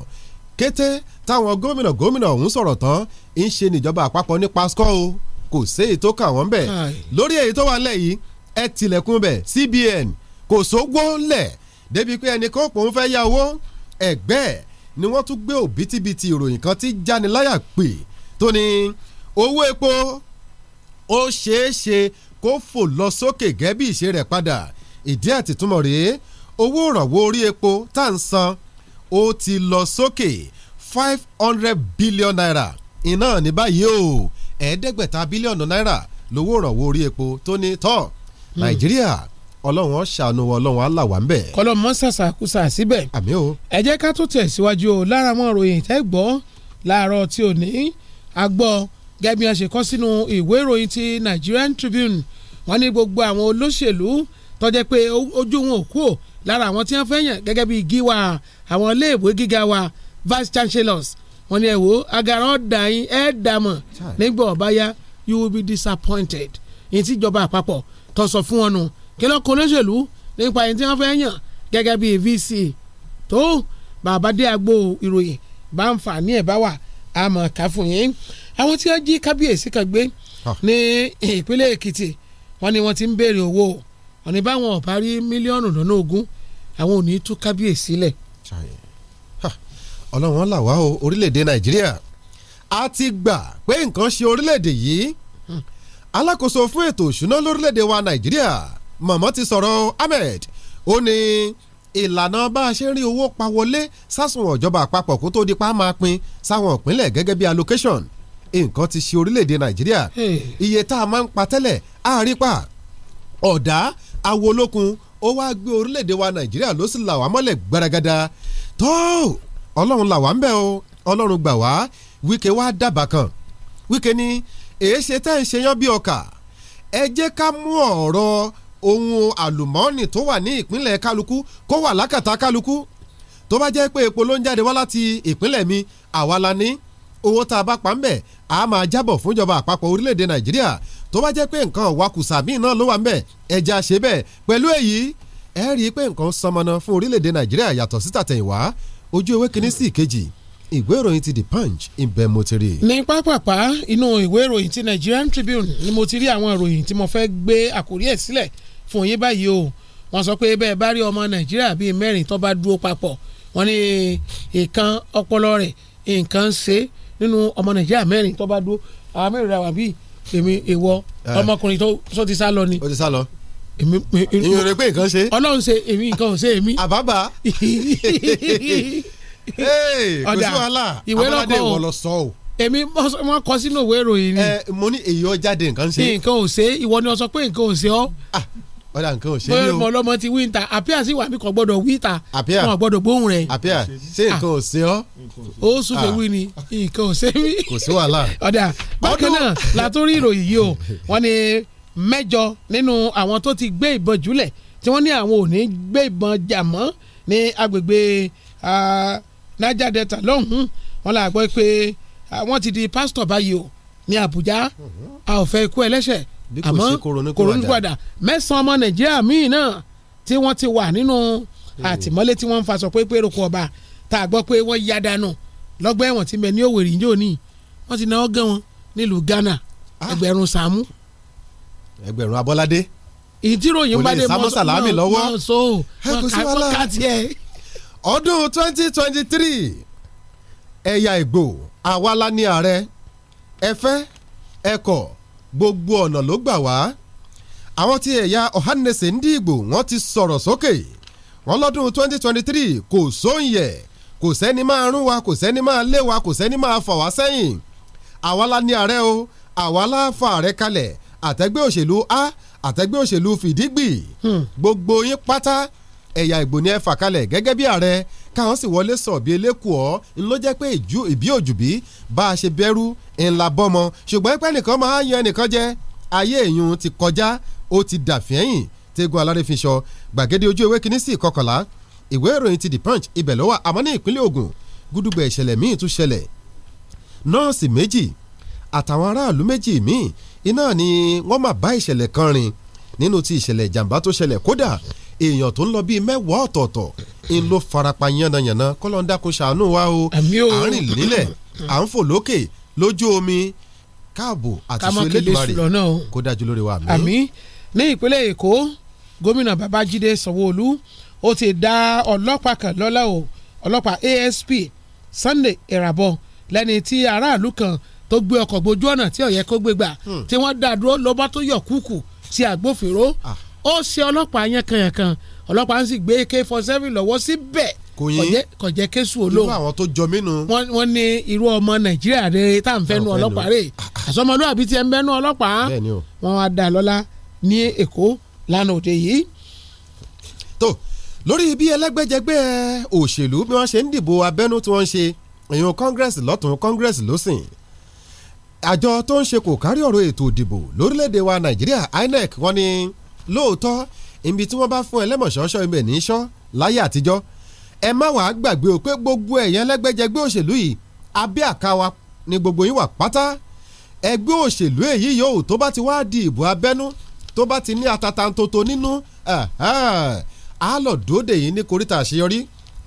kété táwọn gómìnà gómìnà ọ̀hún sọ̀rọ̀ tán ń ṣe níjọba àpapọ̀ ní pascor o kò séyìí tó kà wọ́n bẹ̀ lórí èyí tó wà ńlẹ̀ yìí ẹ tilẹ̀kùn bẹ̀ CBN kò sógbó ńlẹ̀ débi pé ẹnì kan òun fẹ́ ya owó ẹgbẹ́ ni wọ́n tún gbé òbítíbitì ìròyìn kan tí jániláyà pè tó ní owó epo ó ṣeé ṣe kó fò lọ sókè gẹ́bí ìṣe rẹ̀ padà ìdí àtìtúmọ̀ rèé owó ìrànwọ́ orí epo tá à ń san ó ti lọ sókè five hundred billion naira iná ní báyìí o ẹ̀ẹ́dẹ́gbẹ̀ta bílíọ̀nù naira lówó ìrànwọ́ orí epo tó ní tọ́ hmm. nàìjíríà. Hmm ọlọ́run ṣàánú ọlọ́run á là wá ń bẹ̀. kọlọmọ sàṣàkúsà síbẹ̀. àmì o. ẹ jẹ́ ká tún tẹ̀ o lára mọ́ ròyìn tẹ́ gbọ́ láàárọ̀ tí ò ní agbọ́ gẹ́gẹ́ bí wọ́n ṣe kọ́ sínú ìwé ìròyìn ti Nigerian Tribune wọ́n ní gbogbo àwọn olóṣèlú tó pé ojú wọn ò kú ò lára àwọn tí wọ́n fẹ́ yàn gẹ́gẹ́ bí gíwá àwọn iléèwé gíga wa vice chancellors wọ́n ní ẹ wò agara ọ̀dà yín ẹ̀ dàmọ̀ nígbà ọ̀báyá you will be disappointed ní tíjọba àpapọ̀ tó sọ fún wọn nù kí lọ́kọ̀ olóṣèlú nípa ẹni tí wọ́n fẹ́ yàn gẹ́gẹ́ bí VC tó bàbá dé agbo ìròyìn bá ń fà ní ẹ̀bá wà àmọ́ ká fún yín àwọn tí wọ́n jí kábíyèsí kan gbé ah. ní ìpínlẹ̀ Èkìtì wọ́n ní wọ́n ti ń béèrè owó wọ́n ní báwọn ò parí mílíọ̀nù lọ́nà ogún àwọn ò ní tú kábíyèsí lẹ̀. ọlọ́run là wá o orílẹ̀-èdè Nàìjíríà a ti gbà pé nǹkan ṣe orílẹ̀-èdè yìí hmm. alákòóso fún ètò òṣùná lórílẹ̀-èdè wa Nàìjíríà mọ̀mọ́ ti sọ̀rọ̀ Ahmed ó ní ìlànà bá a ṣe ń rí owó pa wọlé sásùn ọ̀jọba àpapọ̀ kó tó di pa máa pín sáwọn ìpínlẹ̀ gẹ́gẹ́ bí allocation nǹkan ti ṣe orílẹ̀-èdè Nàìjíríà hmm. iye tá a máa ń pa tẹ́lẹ̀ àárín pa ọ̀dà awo olókun ó wáá gbé orílẹ̀-èdè wa Nàìjíríà ló sì là wá mọ́lẹ̀ gbaragada tó ọlọ́run là wá ń bẹ̀ o ọlọ́run gbà wá wíkẹ́ wá dábàá kan wíkẹ́ ni èé tẹ́ ń ṣe yán bí ọkà ẹ jẹ́ ká mú ọ̀rọ̀ ohun àlùmọ́ọ́nì tó wà ní ìpínlẹ̀ kálukú kó wà lákàtà kálukú tó bá jẹ́ pé epo ló ń jáde wá láti ìpínlẹ̀ mi àwa la ní owó tá a bá pa ń bẹ̀ a máa jábọ̀ fúnjọba àpapọ̀ orílẹ̀-èdè nàìjíríà tó bá jẹ́ pé nǹkan wakùsà míì náà ló wà ń bẹ̀ ẹja ṣe bẹ́ẹ̀ pẹ̀lú èyí ẹ rí i pé nǹkan sọmọnà fún orílẹ̀-èdè nàìjíríà yàtọ̀ sí tàtẹ̀yìnwá ojú ewé kínní sí ìkejì ìwé ìròyìn ti the punch ìbẹ̀ mo ti rí. ní pápápá inú ìwé ìròyìn ti Nigerian Tribune ni mo ti rí àwọn ìròyìn tí mo fẹ́ gbé àkórí ẹ̀ sílẹ̀ fún yín báyìí o wọ́n sọ pé bẹ́ẹ̀ bá rí ọmọ nàìjíríà bíi mẹ́rin tó bá dúró papọ̀ wọ́n ní ìkan ọpọlọ rẹ̀ nǹkan ṣe nínú ọmọ nàìjíríà mẹ́rin tó bá dúró àwọn mẹ́rin ra wà bíi èmi èwọ eh. ọmọkùnrin tó ti sá lọ ni. ó ti sá lọ èmi èmi rẹ pé nǹkan ṣe. ọlọ́run ṣe èmi nǹkan ò ṣe èmi. àbábà kò sí wàhálà àbáládé ìwọ lọ sọ o èmi wọn kọ sínú òwe ìròyìn ni. ẹ eh, mo ní èyí ọ jáde nǹkan ṣe. nǹkan ò ṣe ìwọ ni o sọ pé nǹkan ò ṣe ọ ọ̀dà nǹkan ò ṣe é o. mo lọmọ ti wíńtà àpíà sí wàmí kan gbọ́dọ̀ wíńtà wọn gbọ́dọ̀ gbóhùn rẹ̀. àpíà ṣé nǹkan ò ṣe ọ́. ó súnfẹ̀ wí ah. ni nǹkan ò ṣe mí. kò sí wàhálà. ọ̀dà bákan náà látòrí ìròyìn yìí o wọ́n ní mẹ́jọ nínú àwọn tó ti gbé ìbọn jùlẹ̀ tí wọ́n ní àwọn ò ní gbé ìbọn jà mọ́ ní agbègbè Niger Delta lọ́hùn-ún wọ́n là pé wọ́n ti di pásítọ̀ báyìí o ní Àbújá a ò fẹ́ ikú ẹlẹ́ṣẹ̀ àmọ́ kòrónúpadà mẹ́sàn-án ọmọ nàìjíríà míì náà tí wọ́n ti wà nínú hmm. àtìmọ́lé tí wọ́n ń faṣọ pé pé roko ọba tá a gbọ́ pé wọ́n yá dànù lọ́gbà ẹ̀wọ̀n tí mẹ́ ní òwèrè yóò ní wọ́n ti náwó gẹ́ wọn nílùú Ghana ah. ẹgbẹ̀rún sàmú. ẹgbẹ̀rún abọ́ládé. ìdíròyìn bá dé mọ́ sàlámì lọ́wọ́ mọ́ kàtí ẹ̀. ọdún twenty twenty three ẹ̀yà Ìgbò àwa la ní ààrẹ ẹ̀fẹ́ ẹ̀kọ́ gbogbo ọ̀nà ló gbà wá àwọn ti ẹ̀yà Ohanaeze Ndigbo wọ́n ti sọ̀rọ̀ sókè wọ́n lọ́dún 2023 kò sóyè kò sẹ́ni máa rún wa kò sẹ́ni máa lé wa kò sẹ́ni máa fà wá sẹ́yìn àwa la ní ààrẹ o àwa la fa ààrẹ kalẹ̀ àtẹgbẹ́ òṣèlú a àtẹgbẹ́ òṣèlú fìdígbì hmm. gbogbo yín pátá ẹ̀yà Ìgbò ni ẹ fà kalẹ̀ gẹ́gẹ́ bí ààrẹ káwọn sì wọlé sọ̀ bí elékùọ́ ńlọ jẹ́ pé ìbí òjùbí bá a ṣe bẹ̀rù ńlá bọ́mọ ṣùgbọ́n pẹ́ nìkan máa yan nìkan jẹ́ ayé èèyàn ti kọjá ó ti dàfẹ́yìn tẹ́gun alárẹ́fiṣọ gbàgede ojú ewé kínní sí ìkọkànlá ìwé ìròyìn ti the punch ibẹ̀ ló wà àmọ́ ní ìpínlẹ̀ Ògùn gúdúgbẹ̀ ìṣẹ̀lẹ̀ míì tún ṣẹlẹ̀ nọ́ọ̀sì méjì àtàwọn aráàlú méjì míì iná ni wọ́n máa bá ìṣẹ̀lẹ̀ kan rìn nínú ti ìṣẹ̀lẹ̀ ìjàmbá tó ṣẹlẹ̀ kódà èèyàn tó ń lọ bíi mẹ́wàá ọ̀tọ̀ọ̀tọ̀ ń ló farapa yánnayànna kọ́lọ́ńdà kò ṣàánú wa o àárín nílẹ̀ à ń fò lókè lójú omi káàbò àti ṣe lẹ́dùmarè kó dájú lórí wa mi. àmì ní ìpínlẹ̀ èkó gómìnà babájídé sanwó ó ti dá ọlọ́pàá kan lọ́lá o ọlọ́pàá asp sunday irabọ lẹ́ni tí aráàlú kan tó gbé ọkọ̀ gbójú ọ̀nà tí ó yẹ kó gbé gbà hmm. tí wọ́n dá dúró ló tó yọ kúkú sí agbófinró ah ó ṣe ọlọ́pàá yẹn kankan ọlọ́pàá ń sì gbé ak forty seven lọ́wọ́ síbẹ̀ kò jẹ́ késù olóhùn. irú àwọn tó jọ mí nu. wọ́n ní irú ọmọ nàìjíríà rere tá à ń fẹ́ nu ọlọ́pàá rè àsọmọlúwàbí ti ẹ̀ ń bẹ́ nu ọlọ́pàá wọn wá dà lọ́lá ní èkó lánàá òde yìí. tó lórí bí ẹlẹ́gbẹ́jẹgbẹ́ òṣèlú bí wọ́n ṣe ń dìbò abẹ́nú tí wọ́n ṣe èèyàn congress lọ́tún congress lọ́sìn àjọ tó ń ṣe kò kárí ọ̀rọ̀ ètò ìdìbò lórílẹ̀‐èdè wa nàìjíríà inec wọ́n ní. Ni lóòótọ́ ibi tí wọ́n bá fún ẹlẹ́mọ̀ṣọ́ṣọ́ ibẹ̀ ní í ṣọ́ láyé àtijọ́ ẹ má wàá gbàgbé o pé gbogbo ẹ̀yàn lẹ́gbẹ́jẹgbẹ́ òṣèlú yìí abẹ́ àkàwà ni gbogbo yín wà pátá ẹgbẹ́ òṣèlú èyí yòówù tó bá ti wá di ìbò abẹ́nú tó bá ti ní atatantoto nínú á lọ dóde yìí ní koríta àṣeyọrí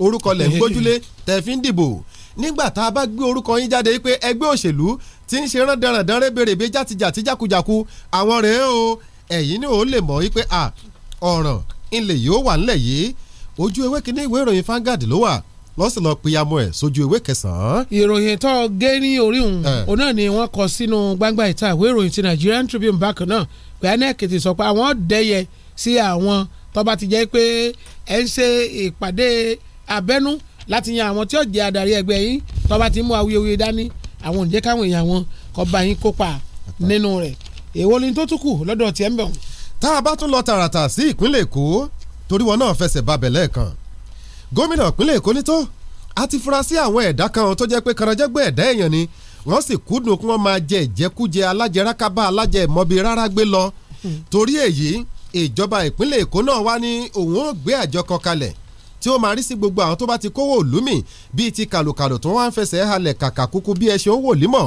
orúkọ lẹ̀ ń gbójúlé tẹ̀ fi ń dìbò nígbà tá a bá gbé orúkọ yín jáde pé ẹgbẹ́ òṣèlú tí ń ṣe rán darandaran rébèrèbè játijàti jákujàku àwọn rèé o ẹ̀yin ni ó lè mọ̀ wípé à ọ̀ràn ilẹ̀ yìí ó wà nílẹ̀ yìí ojú ewé kínní ìwé ìròyìn Vanguard ló wà lọ́sìn lọ pe amọ̀ ẹ̀ sójú ìwé kẹsàn-án. ìròyìn tó gé ní orí òun òun náà ni wọ́n kọ sínú gbangba ìta ìwé ìròyìn ti Nigerian Tribune bákan náà pé anec ti sọ pé àwọn dẹyẹ sí àwọn tó bá ti jẹ́ pé ẹ̀ ń ṣe ìpàdé abẹ́nú láti yan àwọn tí ó jẹ́ adarí ẹgbẹ́ yín tó bá ti mú awuyewuye dání àwọn òǹjẹ́ káwọn èèyàn wọn kó bá yín kópa nínú rẹ̀ èwo ni tó tún kù lọ́dọ̀ tiẹ̀ ń bẹ̀ wọ́n. tá a bá tún lọ tààràtà sí ìpínlẹ̀ èkó torí wọn náà fẹsẹ̀ babẹ̀ lẹ́ẹ̀kan gómìnà ìpínlẹ̀ èkó ní tó a ti fura sí àwọn ẹ̀dá kan tó jẹ́ pé karanjẹ́gbẹ́ ẹ̀dá èèyàn ni wọ́n sì kúndùn kí wọ́n máa jẹ ìjẹkújẹ alájẹrákábá alájẹ ìmọ̀bi rárá gbé lọ hmm. torí èyí ìjọba ìpínlẹ̀ èkó náà wá ní òun ó gbé àjọ kan kalẹ̀ tí ó máa rí sí gbogbo àwọn tó bá ti kówó òlúmì bíi ti kàlùkàlù tó wá ń fẹsẹ̀ halẹ̀ kàkà kúkú bí ẹṣin ó wò límọ̀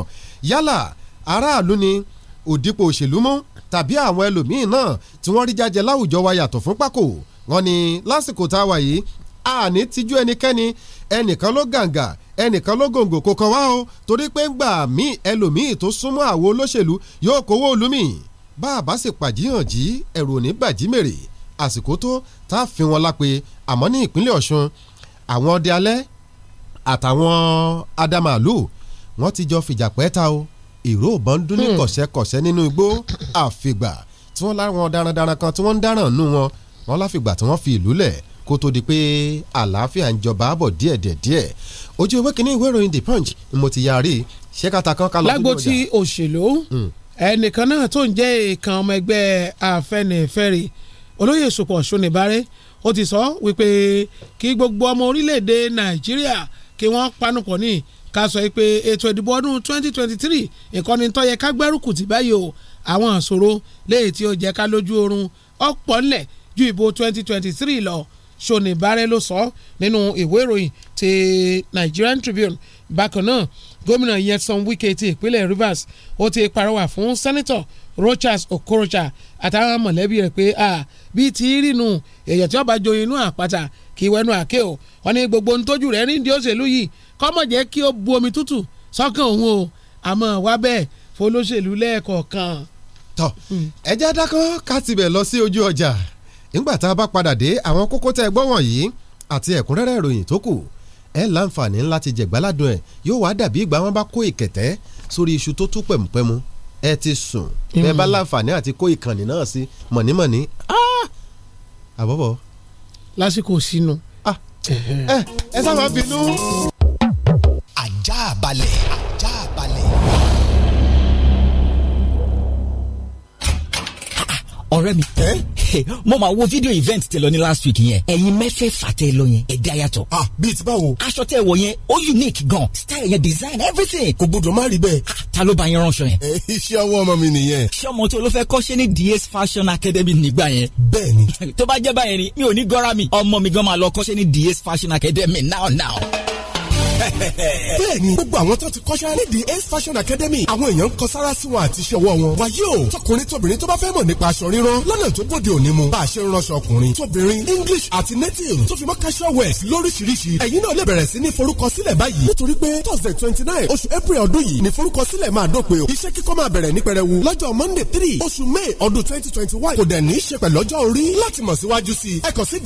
yálà aráàlú ni òdìpọ̀ òṣèlú mọ́ tàbí àwọn ẹlòmíín náà tí wọ́n rí jájẹ láwùjọ wa yàtọ̀ fún pákó wọn ni lásìkò tá a wà yìí àní tijú ẹnikẹ́ni ẹnìkan ló gàǹgà ẹnìkan ló gòǹgò kò kàn wá o torí pé gbà mí ẹlòmíín tó súnmọ́ àwọn olóṣèlú yóò kówó olúmi bá a bá sì pàjíhàn jí ẹ̀rù òní gbàjí mèrè àsìkò tó tá a fi wọn lápè àmọ́ ní ìpínlẹ̀ Ọ̀ṣun àwọn ọdẹ alẹ́ àtàwọn adamalu wọ́n ti jọ fìjà pẹ́ẹ́ta o ìró ìbọn dún ní hmm. kọ̀sẹ́kọ̀sẹ́ nínú igbó àfìgbà tí wọ́n láwọn darandaran kan tí wọ́n ń dáràn nú wọn wọn láfìgbà tí wọ́n fi ìlú lẹ̀ kó tó di pé àlàáfíà ń jọba àbọ̀ díẹ̀díẹ̀díẹ̀ ojú ìwé kìíní ìwé ìròyìn the punch mo ti yára ṣé kàtà kan ká lọ. lágbo ti òṣèlú hmm. ẹnìkan náà tó ń jẹ́ ìkan ọmọ ẹgbẹ́ Afẹ́nifẹ́re olóyè Ṣùpọ̀ Ṣónibáré ó ti sọ wípé kí gbogbo ọmọ orílẹ̀-èdè Nàìjíríà kí wọ́n panupọ̀ ní ká sọ pé ètò ìdìbò ọdún 2023 ìkọ́ni tó yẹ ká gbárùkù tì báyìí o àwọn àṣòro léyìí tí ó jẹ́ ká lójú oorun ọ̀pọ̀ ńlẹ̀ ju ìbò 2023 lọ Ṣoni Bare ló sọ nínú ìwé ìròyìn ti Nigerian Tribune bákan náà gómìnà Nyesom Wike ti ìpínlẹ̀ Rivers ó ti parọ́wà fún sẹ́nitọ̀ Rochas Okorocha àtàwọn mọ̀lẹ́bí rẹ̀ pé ah, bíi ti rínu èyàn tí ó bá joyin inú àpáta kì í wẹnu àké o wọn ní gbogbo ohun tójú rẹ̀ ní ìdí òṣèlú yìí kọ́mọ̀ jẹ́ kí ó bu omi tútù sọ́kàn òun o àmọ́ wá bẹ́ẹ̀ folóṣèlú lẹ́ẹ̀kọ̀ọ̀kan. tọ hmm. ẹja dákọ́ ká tibẹ̀ lọ sí ojú ọjà nígbà tá a bá padà dé àwọn kókó tẹ́ gbọ́ wọ̀nyí àti ẹ̀kúnrẹ́rẹ́ ìròyìn tó kù ẹ láǹfààní ńlá ti jẹ̀gbáládùn ẹ̀ yóò wá dàbí ìgbà wọn bá kó ìkẹ̀tẹ́ sórí iṣu tó tú pẹ̀mùpẹ̀mù ẹ ti sùn hmm. bẹ́ẹ̀ bá láǹfààní àti kó ìkànnì náà sí mọ̀nímọ̀ní á àbọ̀bọ̀. lásìkò sínú. Ah, eh, eh, ẹ ẹ sábà bínú. ajá balẹ̀. ọ̀rẹ́ mi mo máa wo video event tẹ lọ ní last week yẹn ẹ̀yin mẹ́fẹ̀ẹ̀fà tẹ lọ yẹn ẹ̀dá yàtọ̀. ah bíi ti báwo. aṣọ tẹ wọ yẹn ó unique gan style yẹn design everything. kò gbọdọ̀ má rí bẹ́ẹ̀. Ah, ta ló bá yẹn ránṣọ yẹn. iṣẹ́ ọwọ́ ọmọ mi nìyẹn. ṣé ọmọ tó ló fẹ́ kọ́ṣẹ́ ní DS Fashion Academy nígbà yẹn. bẹ́ẹ̀ni. tó bá jẹ́ báyẹn ni mi ò ní gọ́ra mi ọmọ mi gan máa lọ kọ́ṣẹ́ ní DS Fashion Academy now now. bẹ́ẹ̀ni gbogbo àwọn tó ti kọ́ṣẹ́ nídìí ace fashion academy àwọn èèyàn ń kọ sára sí wọn àti iṣẹ́ ọwọ́ wọn. wàyí o tọkùnrin tóbìnrin tó bá fẹ́ mọ̀ nípa aṣọ rírán lọ́nà tó bóde òní mu bá a ṣe ń ránṣọ ọkùnrin tóbìnrin english àti native tó fi mọ́ casual wears lóríṣiríṣi ẹ̀yin náà lè bẹ̀rẹ̀ sí ní forúkọsílẹ̀ báyìí nítorí pé thursday twenty nine oṣù april ọdún yìí ni forúkọsílẹ̀ máa dópin o iṣẹ́ kíkọ́ máa bẹ̀rẹ̀ ní pẹrẹwu lọ́jọ́ monday three oṣù may ọdún twenty twenty one kò dẹ̀ ní í ṣe pẹ̀lú ọjọ́ orí láti mọ̀ síwájú sí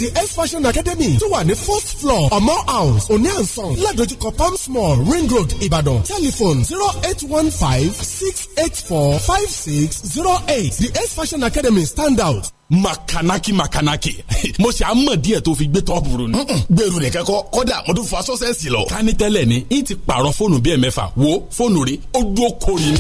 the ace fashion academy tó wà ní first floor ọmọ house òní ànsán ládojúkọ pa Come small, ring road ibadan telephone zero eight one five six eight four five six zero eight the ace fashion academy stand out makanaki makanaki mo ṣe àmọ̀ díẹ̀ tó fi gbé tọ́pù rò ni. gbèrú nìkan kọ kọ́dà mo tún fa sọ́sẹ̀sì lọ. ká ní tẹ́lẹ̀ ni n ti pààrọ̀ fóònù bíi ẹ̀mẹ́fà wo fóònù rí ó dúró kori ni.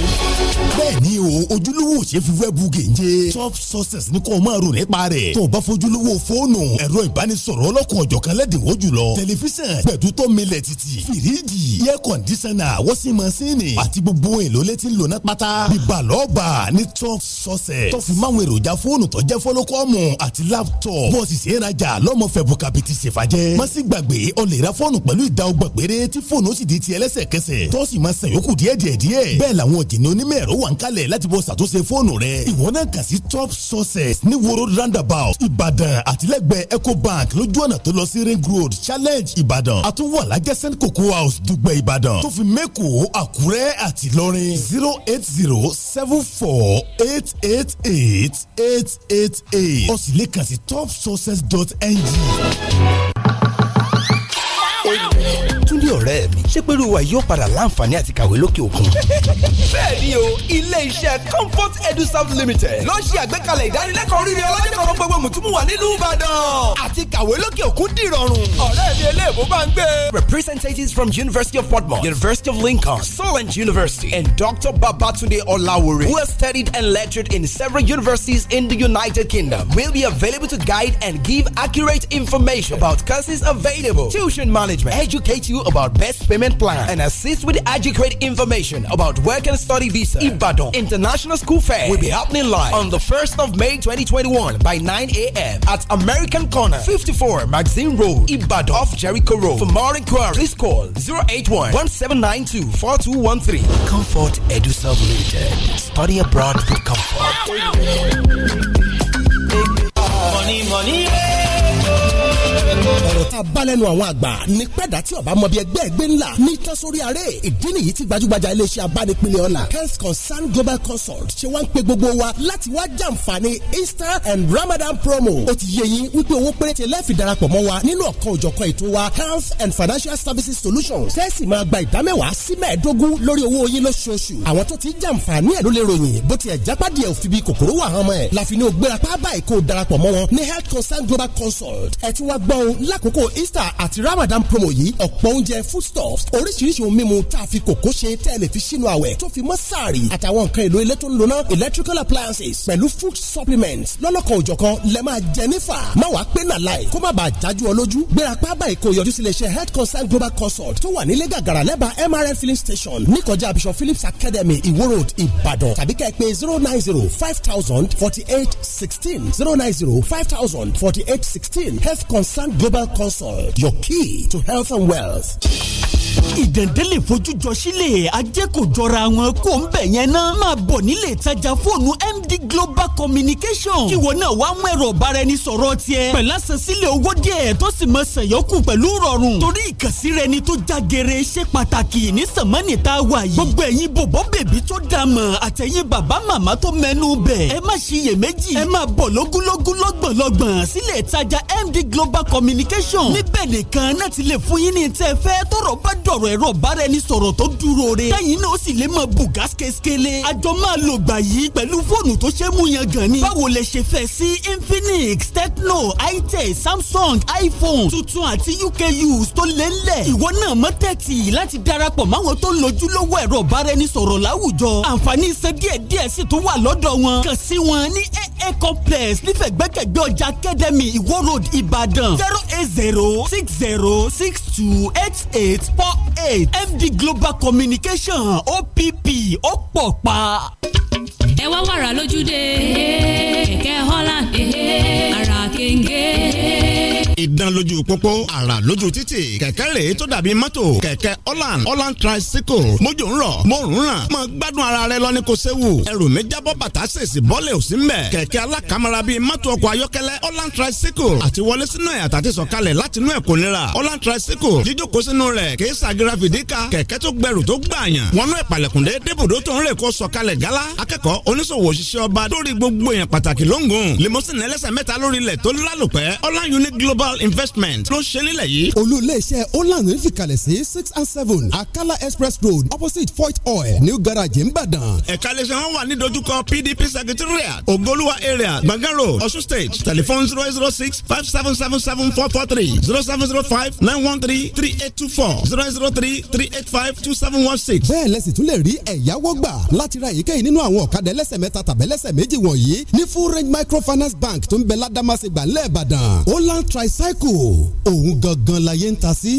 bẹ́ẹ̀ni o ojúlówó ṣe fi wẹ́ẹ̀bù gèje top success ni kò máa rò nípa rẹ̀ tó o bá fojúlówó fóònù ẹ̀rọ ìbánisọ̀rọ̀ ọlọ́kùn ọ̀jọ̀kan lẹ́dínwó jùlọ tẹlifíṣàn pẹ̀tútọ́ milẹ̀ títì fìríjì air conditioner wọ́sí masínì àti gbogbo èlò létí lónà pátá bíbalọ́ọ̀bà ní top success tó fi máwọn èròjà fóònù tó kọ́lọ́kọ́mù àti laptop bọ́ọ̀sì sì rajà lọ́mọ fẹ́ bùkàbìtì ṣèfàjẹ́ má sì gbàgbé ọ lè ra fọ́ọ̀nù pẹ̀lú ìdá ọgbà péré tí fóònù ó sì di tiẹ̀ lẹ́sẹ̀kẹsẹ̀ tó sì máa san yòókù díẹ̀díẹ̀ díẹ̀ bẹ́ẹ̀ làwọn òjìní onímọ̀ ẹ̀rọ wà ń kalẹ̀ láti bọ́ ṣàtúnṣe fóònù rẹ ìwọ náà kà sí top sources ní woro roundabout ìbàdàn àtìlẹ́gbẹ̀ẹ́ bank. lójú ọ̀nà tó lọ sí ring road challenge ìbàdàn àtúwọ̀lá jẹ́sẹ̀n cocoa house dùgbẹ̀ ìbàdàn tó fi mẹ́kọ̀ àkúrẹ́ àti lọ́rin zero eight zero seven four eight eight eight eight eight aid o sì lè kàn sí topsources.ng bí ọ̀rẹ́ mi ṣé pẹ̀lú wa yóò padà láǹfààní àti kàwé lókè òkun. bẹ́ẹ̀ni o ilé iṣẹ́ Comfort Edu Limited ló ṣe àgbékalẹ̀ ìdánilẹ́kọ̀ọ́ rírì ọlọ́jọ́ kan gbogbo mùtúmùwà nílùú Ìbàdàn àti kàwé lókè òkun dìrọ̀rùn. ọ̀rẹ́ mi eléèbó bá ń gbé. Representatives from University of Portmore, University of Lincoln, Solent University, and Dr. Babatunde Olawore, who has studied and lectured in several universities in the United Kingdom, will be available to guide and give accurate information about courses available, tuition management, educate you about about best payment plan and assist with adequate information about work and study visa. Ibadan International School Fair will be happening live on the 1st of May 2021 by 9 a.m. at American Corner, 54 Magazine Road, Ibadan off Jericho Road. For more inquiries, please call 081 1792 4213. Comfort EduServe Limited. Study abroad with comfort. Money, money, yeah. ọ̀rọ̀ tá a bá lẹ́nu àwọn àgbà ní pẹ́ẹ́dá tí ọba mọ̀bí ẹgbẹ́ ẹgbẹ́ ńlá ní tán sórí ìdí nìyí tí gbajúgbajà iléeṣẹ́ abánipínlẹ̀ ọ̀la health concern global consult ṣe wá ń pe gbogbo wa láti wá jàǹfààní easter and ramadan promo ó ti yẹ yín wípé owó péréte lẹ́ẹ̀fì darapọ̀ mọ́ wa nínú ọ̀kan òjọ̀kan ètò wa health and financial services solutions tẹ́sí máa gba ìdámẹ́wàá sí mẹ́ẹ̀ẹ́dógún lórí owó yín lóṣooṣù àwọn tó ti jàǹfààní ẹ̀ ló lè ròyìn bó ti ẹ̀ jápàdé ẹ̀ òfin bíi kòkòrò wà hàn mọ́ ẹ̀ láfi ní o gbéra pábà ìkó darapọ̀ mọ́ wọn ní health concern global consult ẹ̀ ti wá gbọ́ lákòókò Easter àti Ramadan promo yìí ọ̀pọ̀ oúnjẹ foodstuffs oríṣiríṣi ohun mímu tá a fi kòkó ṣe tẹ́lẹ̀ fi sínú àwẹ̀ tó fi mọ́ sáàrì àtàwọn nǹkan èlò ilé tó ń lona electrical appliances pẹ̀lú food supplements lọ́lọ́kan òjọ̀kan lẹ́ máa jẹ nífà má wàá pé nà láì kó má bàa jájú ọ lójú gbéra pa báyìí kó yọjú sílé iṣẹ́ health concern global consult tó wà nílé gàgàrà lẹ́bàá MRN filling station níkọjá Bishop Phillips Academy Iwo Road Ibadan. tàbí kẹ́ ẹ pé zero nine zero five thousand forty eight sixteen zero nine zero five thousand forty eight sixteen health concern global herbal consult your key to health and wealth. ìdẹ̀ndẹ́lẹ̀ fojú jọ sílẹ̀ ajé kò jọra wọn kò ń bẹ̀ yẹn ná máa bọ̀ nílé ìtajà fóònù MD Global Communication kí wọn náà wá mú ẹ̀rọ ọ̀bára ẹni sọ̀rọ̀ tiẹ̀ pẹ̀lú àṣẹsílẹ̀ owó díẹ̀ tó sì mọ sẹ̀yọ́kù pẹ̀lú rọrùn torí ìkànsí rẹ ni tó já gere ṣe pàtàkì ní sàmánì tá a wà yìí gbogbo ẹ̀yin bòbọ́ bèbí tó dà mọ̀ àtẹ̀yin bàbá màmá tó mẹ́nu bẹ̀ ẹ má ṣiyèméjì MD Global Communication communication níbẹ̀ nìkan náà ti lè fún yín ní tẹ́ fẹ́ tọ́rọ̀ bá dọ̀rọ̀ ẹ̀rọ bára ẹni sọ̀rọ̀ tó dúró re tẹ́yìn náà sì lè máa bù gáskẹ́skẹ́lé àjọ máa lò gbà yìí pẹ̀lú fóònù tó ṣe é mú yan gan ni báwo lẹ ṣe fẹ́ sí Infinix Tecno itel Samsung iPhone tuntun àti UKUs tó lé ńlẹ̀ ìwọ náà mọ́ tẹ́tì láti darapọ̀ máwọn tó ń lojúlówó ẹ̀rọ bára ẹni sọ̀rọ̀ láwùjọ àǹfààní iṣẹ́ díẹ̀díẹ̀ sì tún wà lọ́dọ̀ wọn kàn sí wọn ní AA complex nífẹ̀gbẹ́kẹ̀gbẹ́ ọjà Academy Iwo Road Ibadan. zero eight zero six zero six two eight eight four eight MD Global Communication OPP ó pọ̀ pa. ẹ wá wàrà lójúde kẹ̀kẹ́ Holland ara kéńgé ìdán lójú pópó àrà lójú títì kẹ̀kẹ́ rèé tó dàbí mọ́tò kẹ̀kẹ́ holland holland tricycle mójò ń rọ̀ mo ń ràn mọ gbádùn ara rẹ lọ ní kò séwu ẹrù mi jábọ́ bàtà ṣèṣì bọ́lẹ̀ ò sí mbẹ̀ kẹ̀kẹ́ alákàmọ́ra bíi mọ́tò ọkọ̀ ayọ́kẹ́lẹ́ holland tricycle àti wọlé sínú ẹ̀ àtàtì sọ̀kalẹ̀ láti inú ẹ̀ kò nira holland tricycle jíjókòó sínú rẹ̀ kì í ṣàgìrà fìdíkà kẹ̀kẹ́ tó gbẹrù tó gbààyàn wọnú ìpàlẹ̀kùndé débùdó tó ń rè kó sọ̀kalẹ̀ gálá akẹ́kọ̀ọ́ oníṣòwò òṣìṣẹ́ ọba lórí gbogbo èèyàn pàtàkì lóńgùn limousine global global investment ló ṣe nílẹ̀ yìí. olú iléeṣẹ́ holland ń fìkàlẹ̀ sí six and seven akala express road opposite fort oil new garage nìbàdàn. ẹ̀ka iléeṣẹ́ wọn wà ní dojúkọ pdp secretariat ogoluwa area gbọ̀ngàn road osun state telephone zero zero six five seven seven seven four four three zero seven zero five nine one three three eight two four zero zero three three eight five two seven one six. bẹ́ẹ̀ lẹ́sìn tún lè rí ẹ̀yáwó gbà láti ra èyíkéyìí nínú àwọn ọ̀kadà ẹlẹ́sẹ̀ mẹ́ta tàbẹ́lẹ́sẹ̀ méjì wọ̀nyí ní full range microfinance bank tó ń bẹ ládàmásìgbà lẹ́ẹ̀bàdàn holland tri recycle òun gangan la yẹn ń ta sí.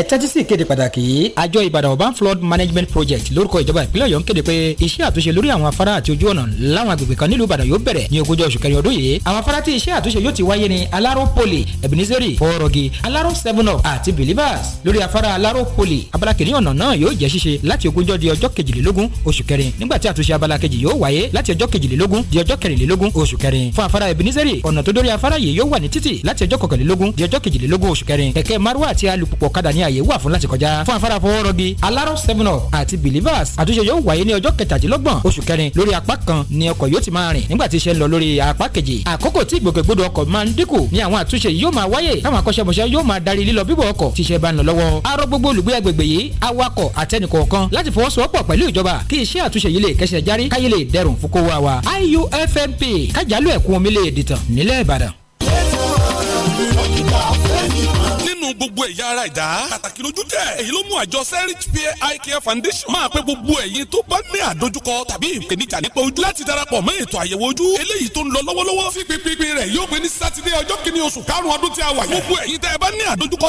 ẹ tẹ́tí sí ìkéde pàtàkì yìí àjọ ìbàdàn urban flood management project lórúkọ ìjọba ìpínlẹ̀ ọ̀yọ́ ń kéde pé iṣẹ́ àtúnṣe lórí àwọn afárá àti ojú ọ̀nà láwọn agbègbè kan nílùú ìbàdàn yóò bẹ̀rẹ̀ ní ogúnjọ́ oṣù kẹrin ọdún yìí àwọn afárá tí iṣẹ́ àtúnṣe yóò ti wáyé ni alaro poli ebenezeri fọrọgi alaro seven up àti believers lórí afárá alaro poli abala kìíní ọ̀nà náà yóò jẹ́ ṣíṣe láti ogúnjọ́ di ọjọ́ kejìlélógún oṣù kẹrin nígbà tí àtúnṣe abala kejì yóò wáyé láti ọjọ́ kejìlélógún di ọjọ́ kẹrìnlélógún oṣù kẹrin fún afárá ebenezeri ọ̀nà tó dórí afárá yìí yóò wà ní títì láti ọjọ́ àyè wà fún láti kọjá fún afárá fọwọ́rọ́gì aláró seven up àti believers àtúnṣe yóò wáyé ní ọjọ́ kẹtàdínlọ́gbọ̀n oṣù kẹrin lórí apá kan ni ọkọ̀ yóò ti máa rìn nígbà tí iṣẹ́ ń lọ lórí apá kejì àkókò tí ìgbòkègbodò ọkọ̀ máa ń dínkù ni àwọn àtúnṣe yóò máa wáyé táwọn akọ́ṣẹ́mọṣẹ́ yóò máa darí lílọ bíbọ̀ ọkọ̀ tíṣẹ́ bá ń lọ lọ́wọ́ arọ gbogbo olùgbé agbègbè yìí awakọ̀ àtẹnìkọ̀ọ̀kan láti fọwọ́sowọ́pọ̀ pẹ̀lú ìjọba kí iṣẹ́ àtúnṣe yìí lè kẹsẹ̀ járí káyé lè dẹrùn fún kó wa IUFMP kájàlú ẹ̀kún omi lè dìtàn nílẹ̀ Ìbàdàn. nínú gbogbo ẹ̀yà ara ìdá. pàtàkì lójú tẹ̀. èyí ló mú àjọ serich peer eye foundation. máa pẹ́ gbogbo ẹ̀yin tó bá ní àdójúkọ tàbí ìpèníjà nípa ojú. láti darapọ̀ mọ́ ètò àyẹ̀wò ojú. eléyìí tó ń lọ lọ́wọ́lọ́wọ́. tí pínpín rẹ̀ yóò pé ní sátidé ọjọ́ kìíní oṣù karùn-ún ọdún tí a wà yìí. gbogbo ẹ̀yin tẹ́ ẹ bá ní àdójúkọ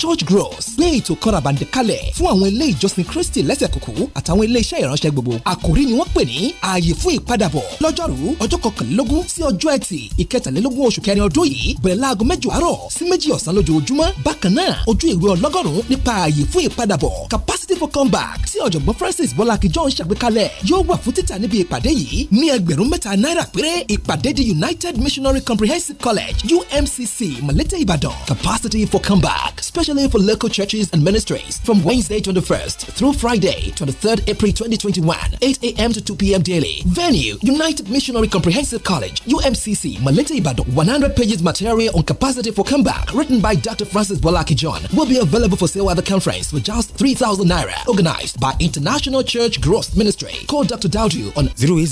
church gross gbé ètò kan ràbàǹdẹ̀ kalẹ̀ fún àwọn ilé ìjọsìn kristi lẹ́sẹ̀ kúkú àtàwọn ilé iṣẹ́ ìránṣẹ́ gbogbo àkòrí ni wọ́n pè ní ààyè fún ìpadàbọ̀ lọ́jọ́rú ọjọ́ kọkànlélógún sí ọjọ́ ẹtì ìkẹtàlélógún oṣù kẹrin ọdún yìí bẹ̀rẹ̀ láago mẹ́jọ àárọ̀ sí méjì ọ̀sán lójoojúmọ́ bákan náà ojú ìwé ọlọ́gọ́rùn nípa ààyè fún ìpadàbọ̀ capacity for comeback tí ọ̀jọ̀gbọ́n francis bọ́lá John ń ṣàgbékalẹ̀ yóò wà fún títà níbi ìpàdé yìí ní ẹgbẹ̀rún mẹ́ta náírà péré ìpàdé the united missionary comprehensive college umcc mọ̀lẹ́tẹ̀ ìbàdàn capacity for comeback special especially for local churches and ministries from Wednesday 21st through Friday 23rd April 2021, 8 a.m. to 2 p.m. daily. Venue United Missionary Comprehensive College, UMCC, Malete Ibadan. 100 pages material on capacity for comeback, written by Dr. Francis Bolaki John, will be available for sale at the conference for just 3,000 naira. Organized by International Church Growth Ministry. Call Dr. Dowdew on 080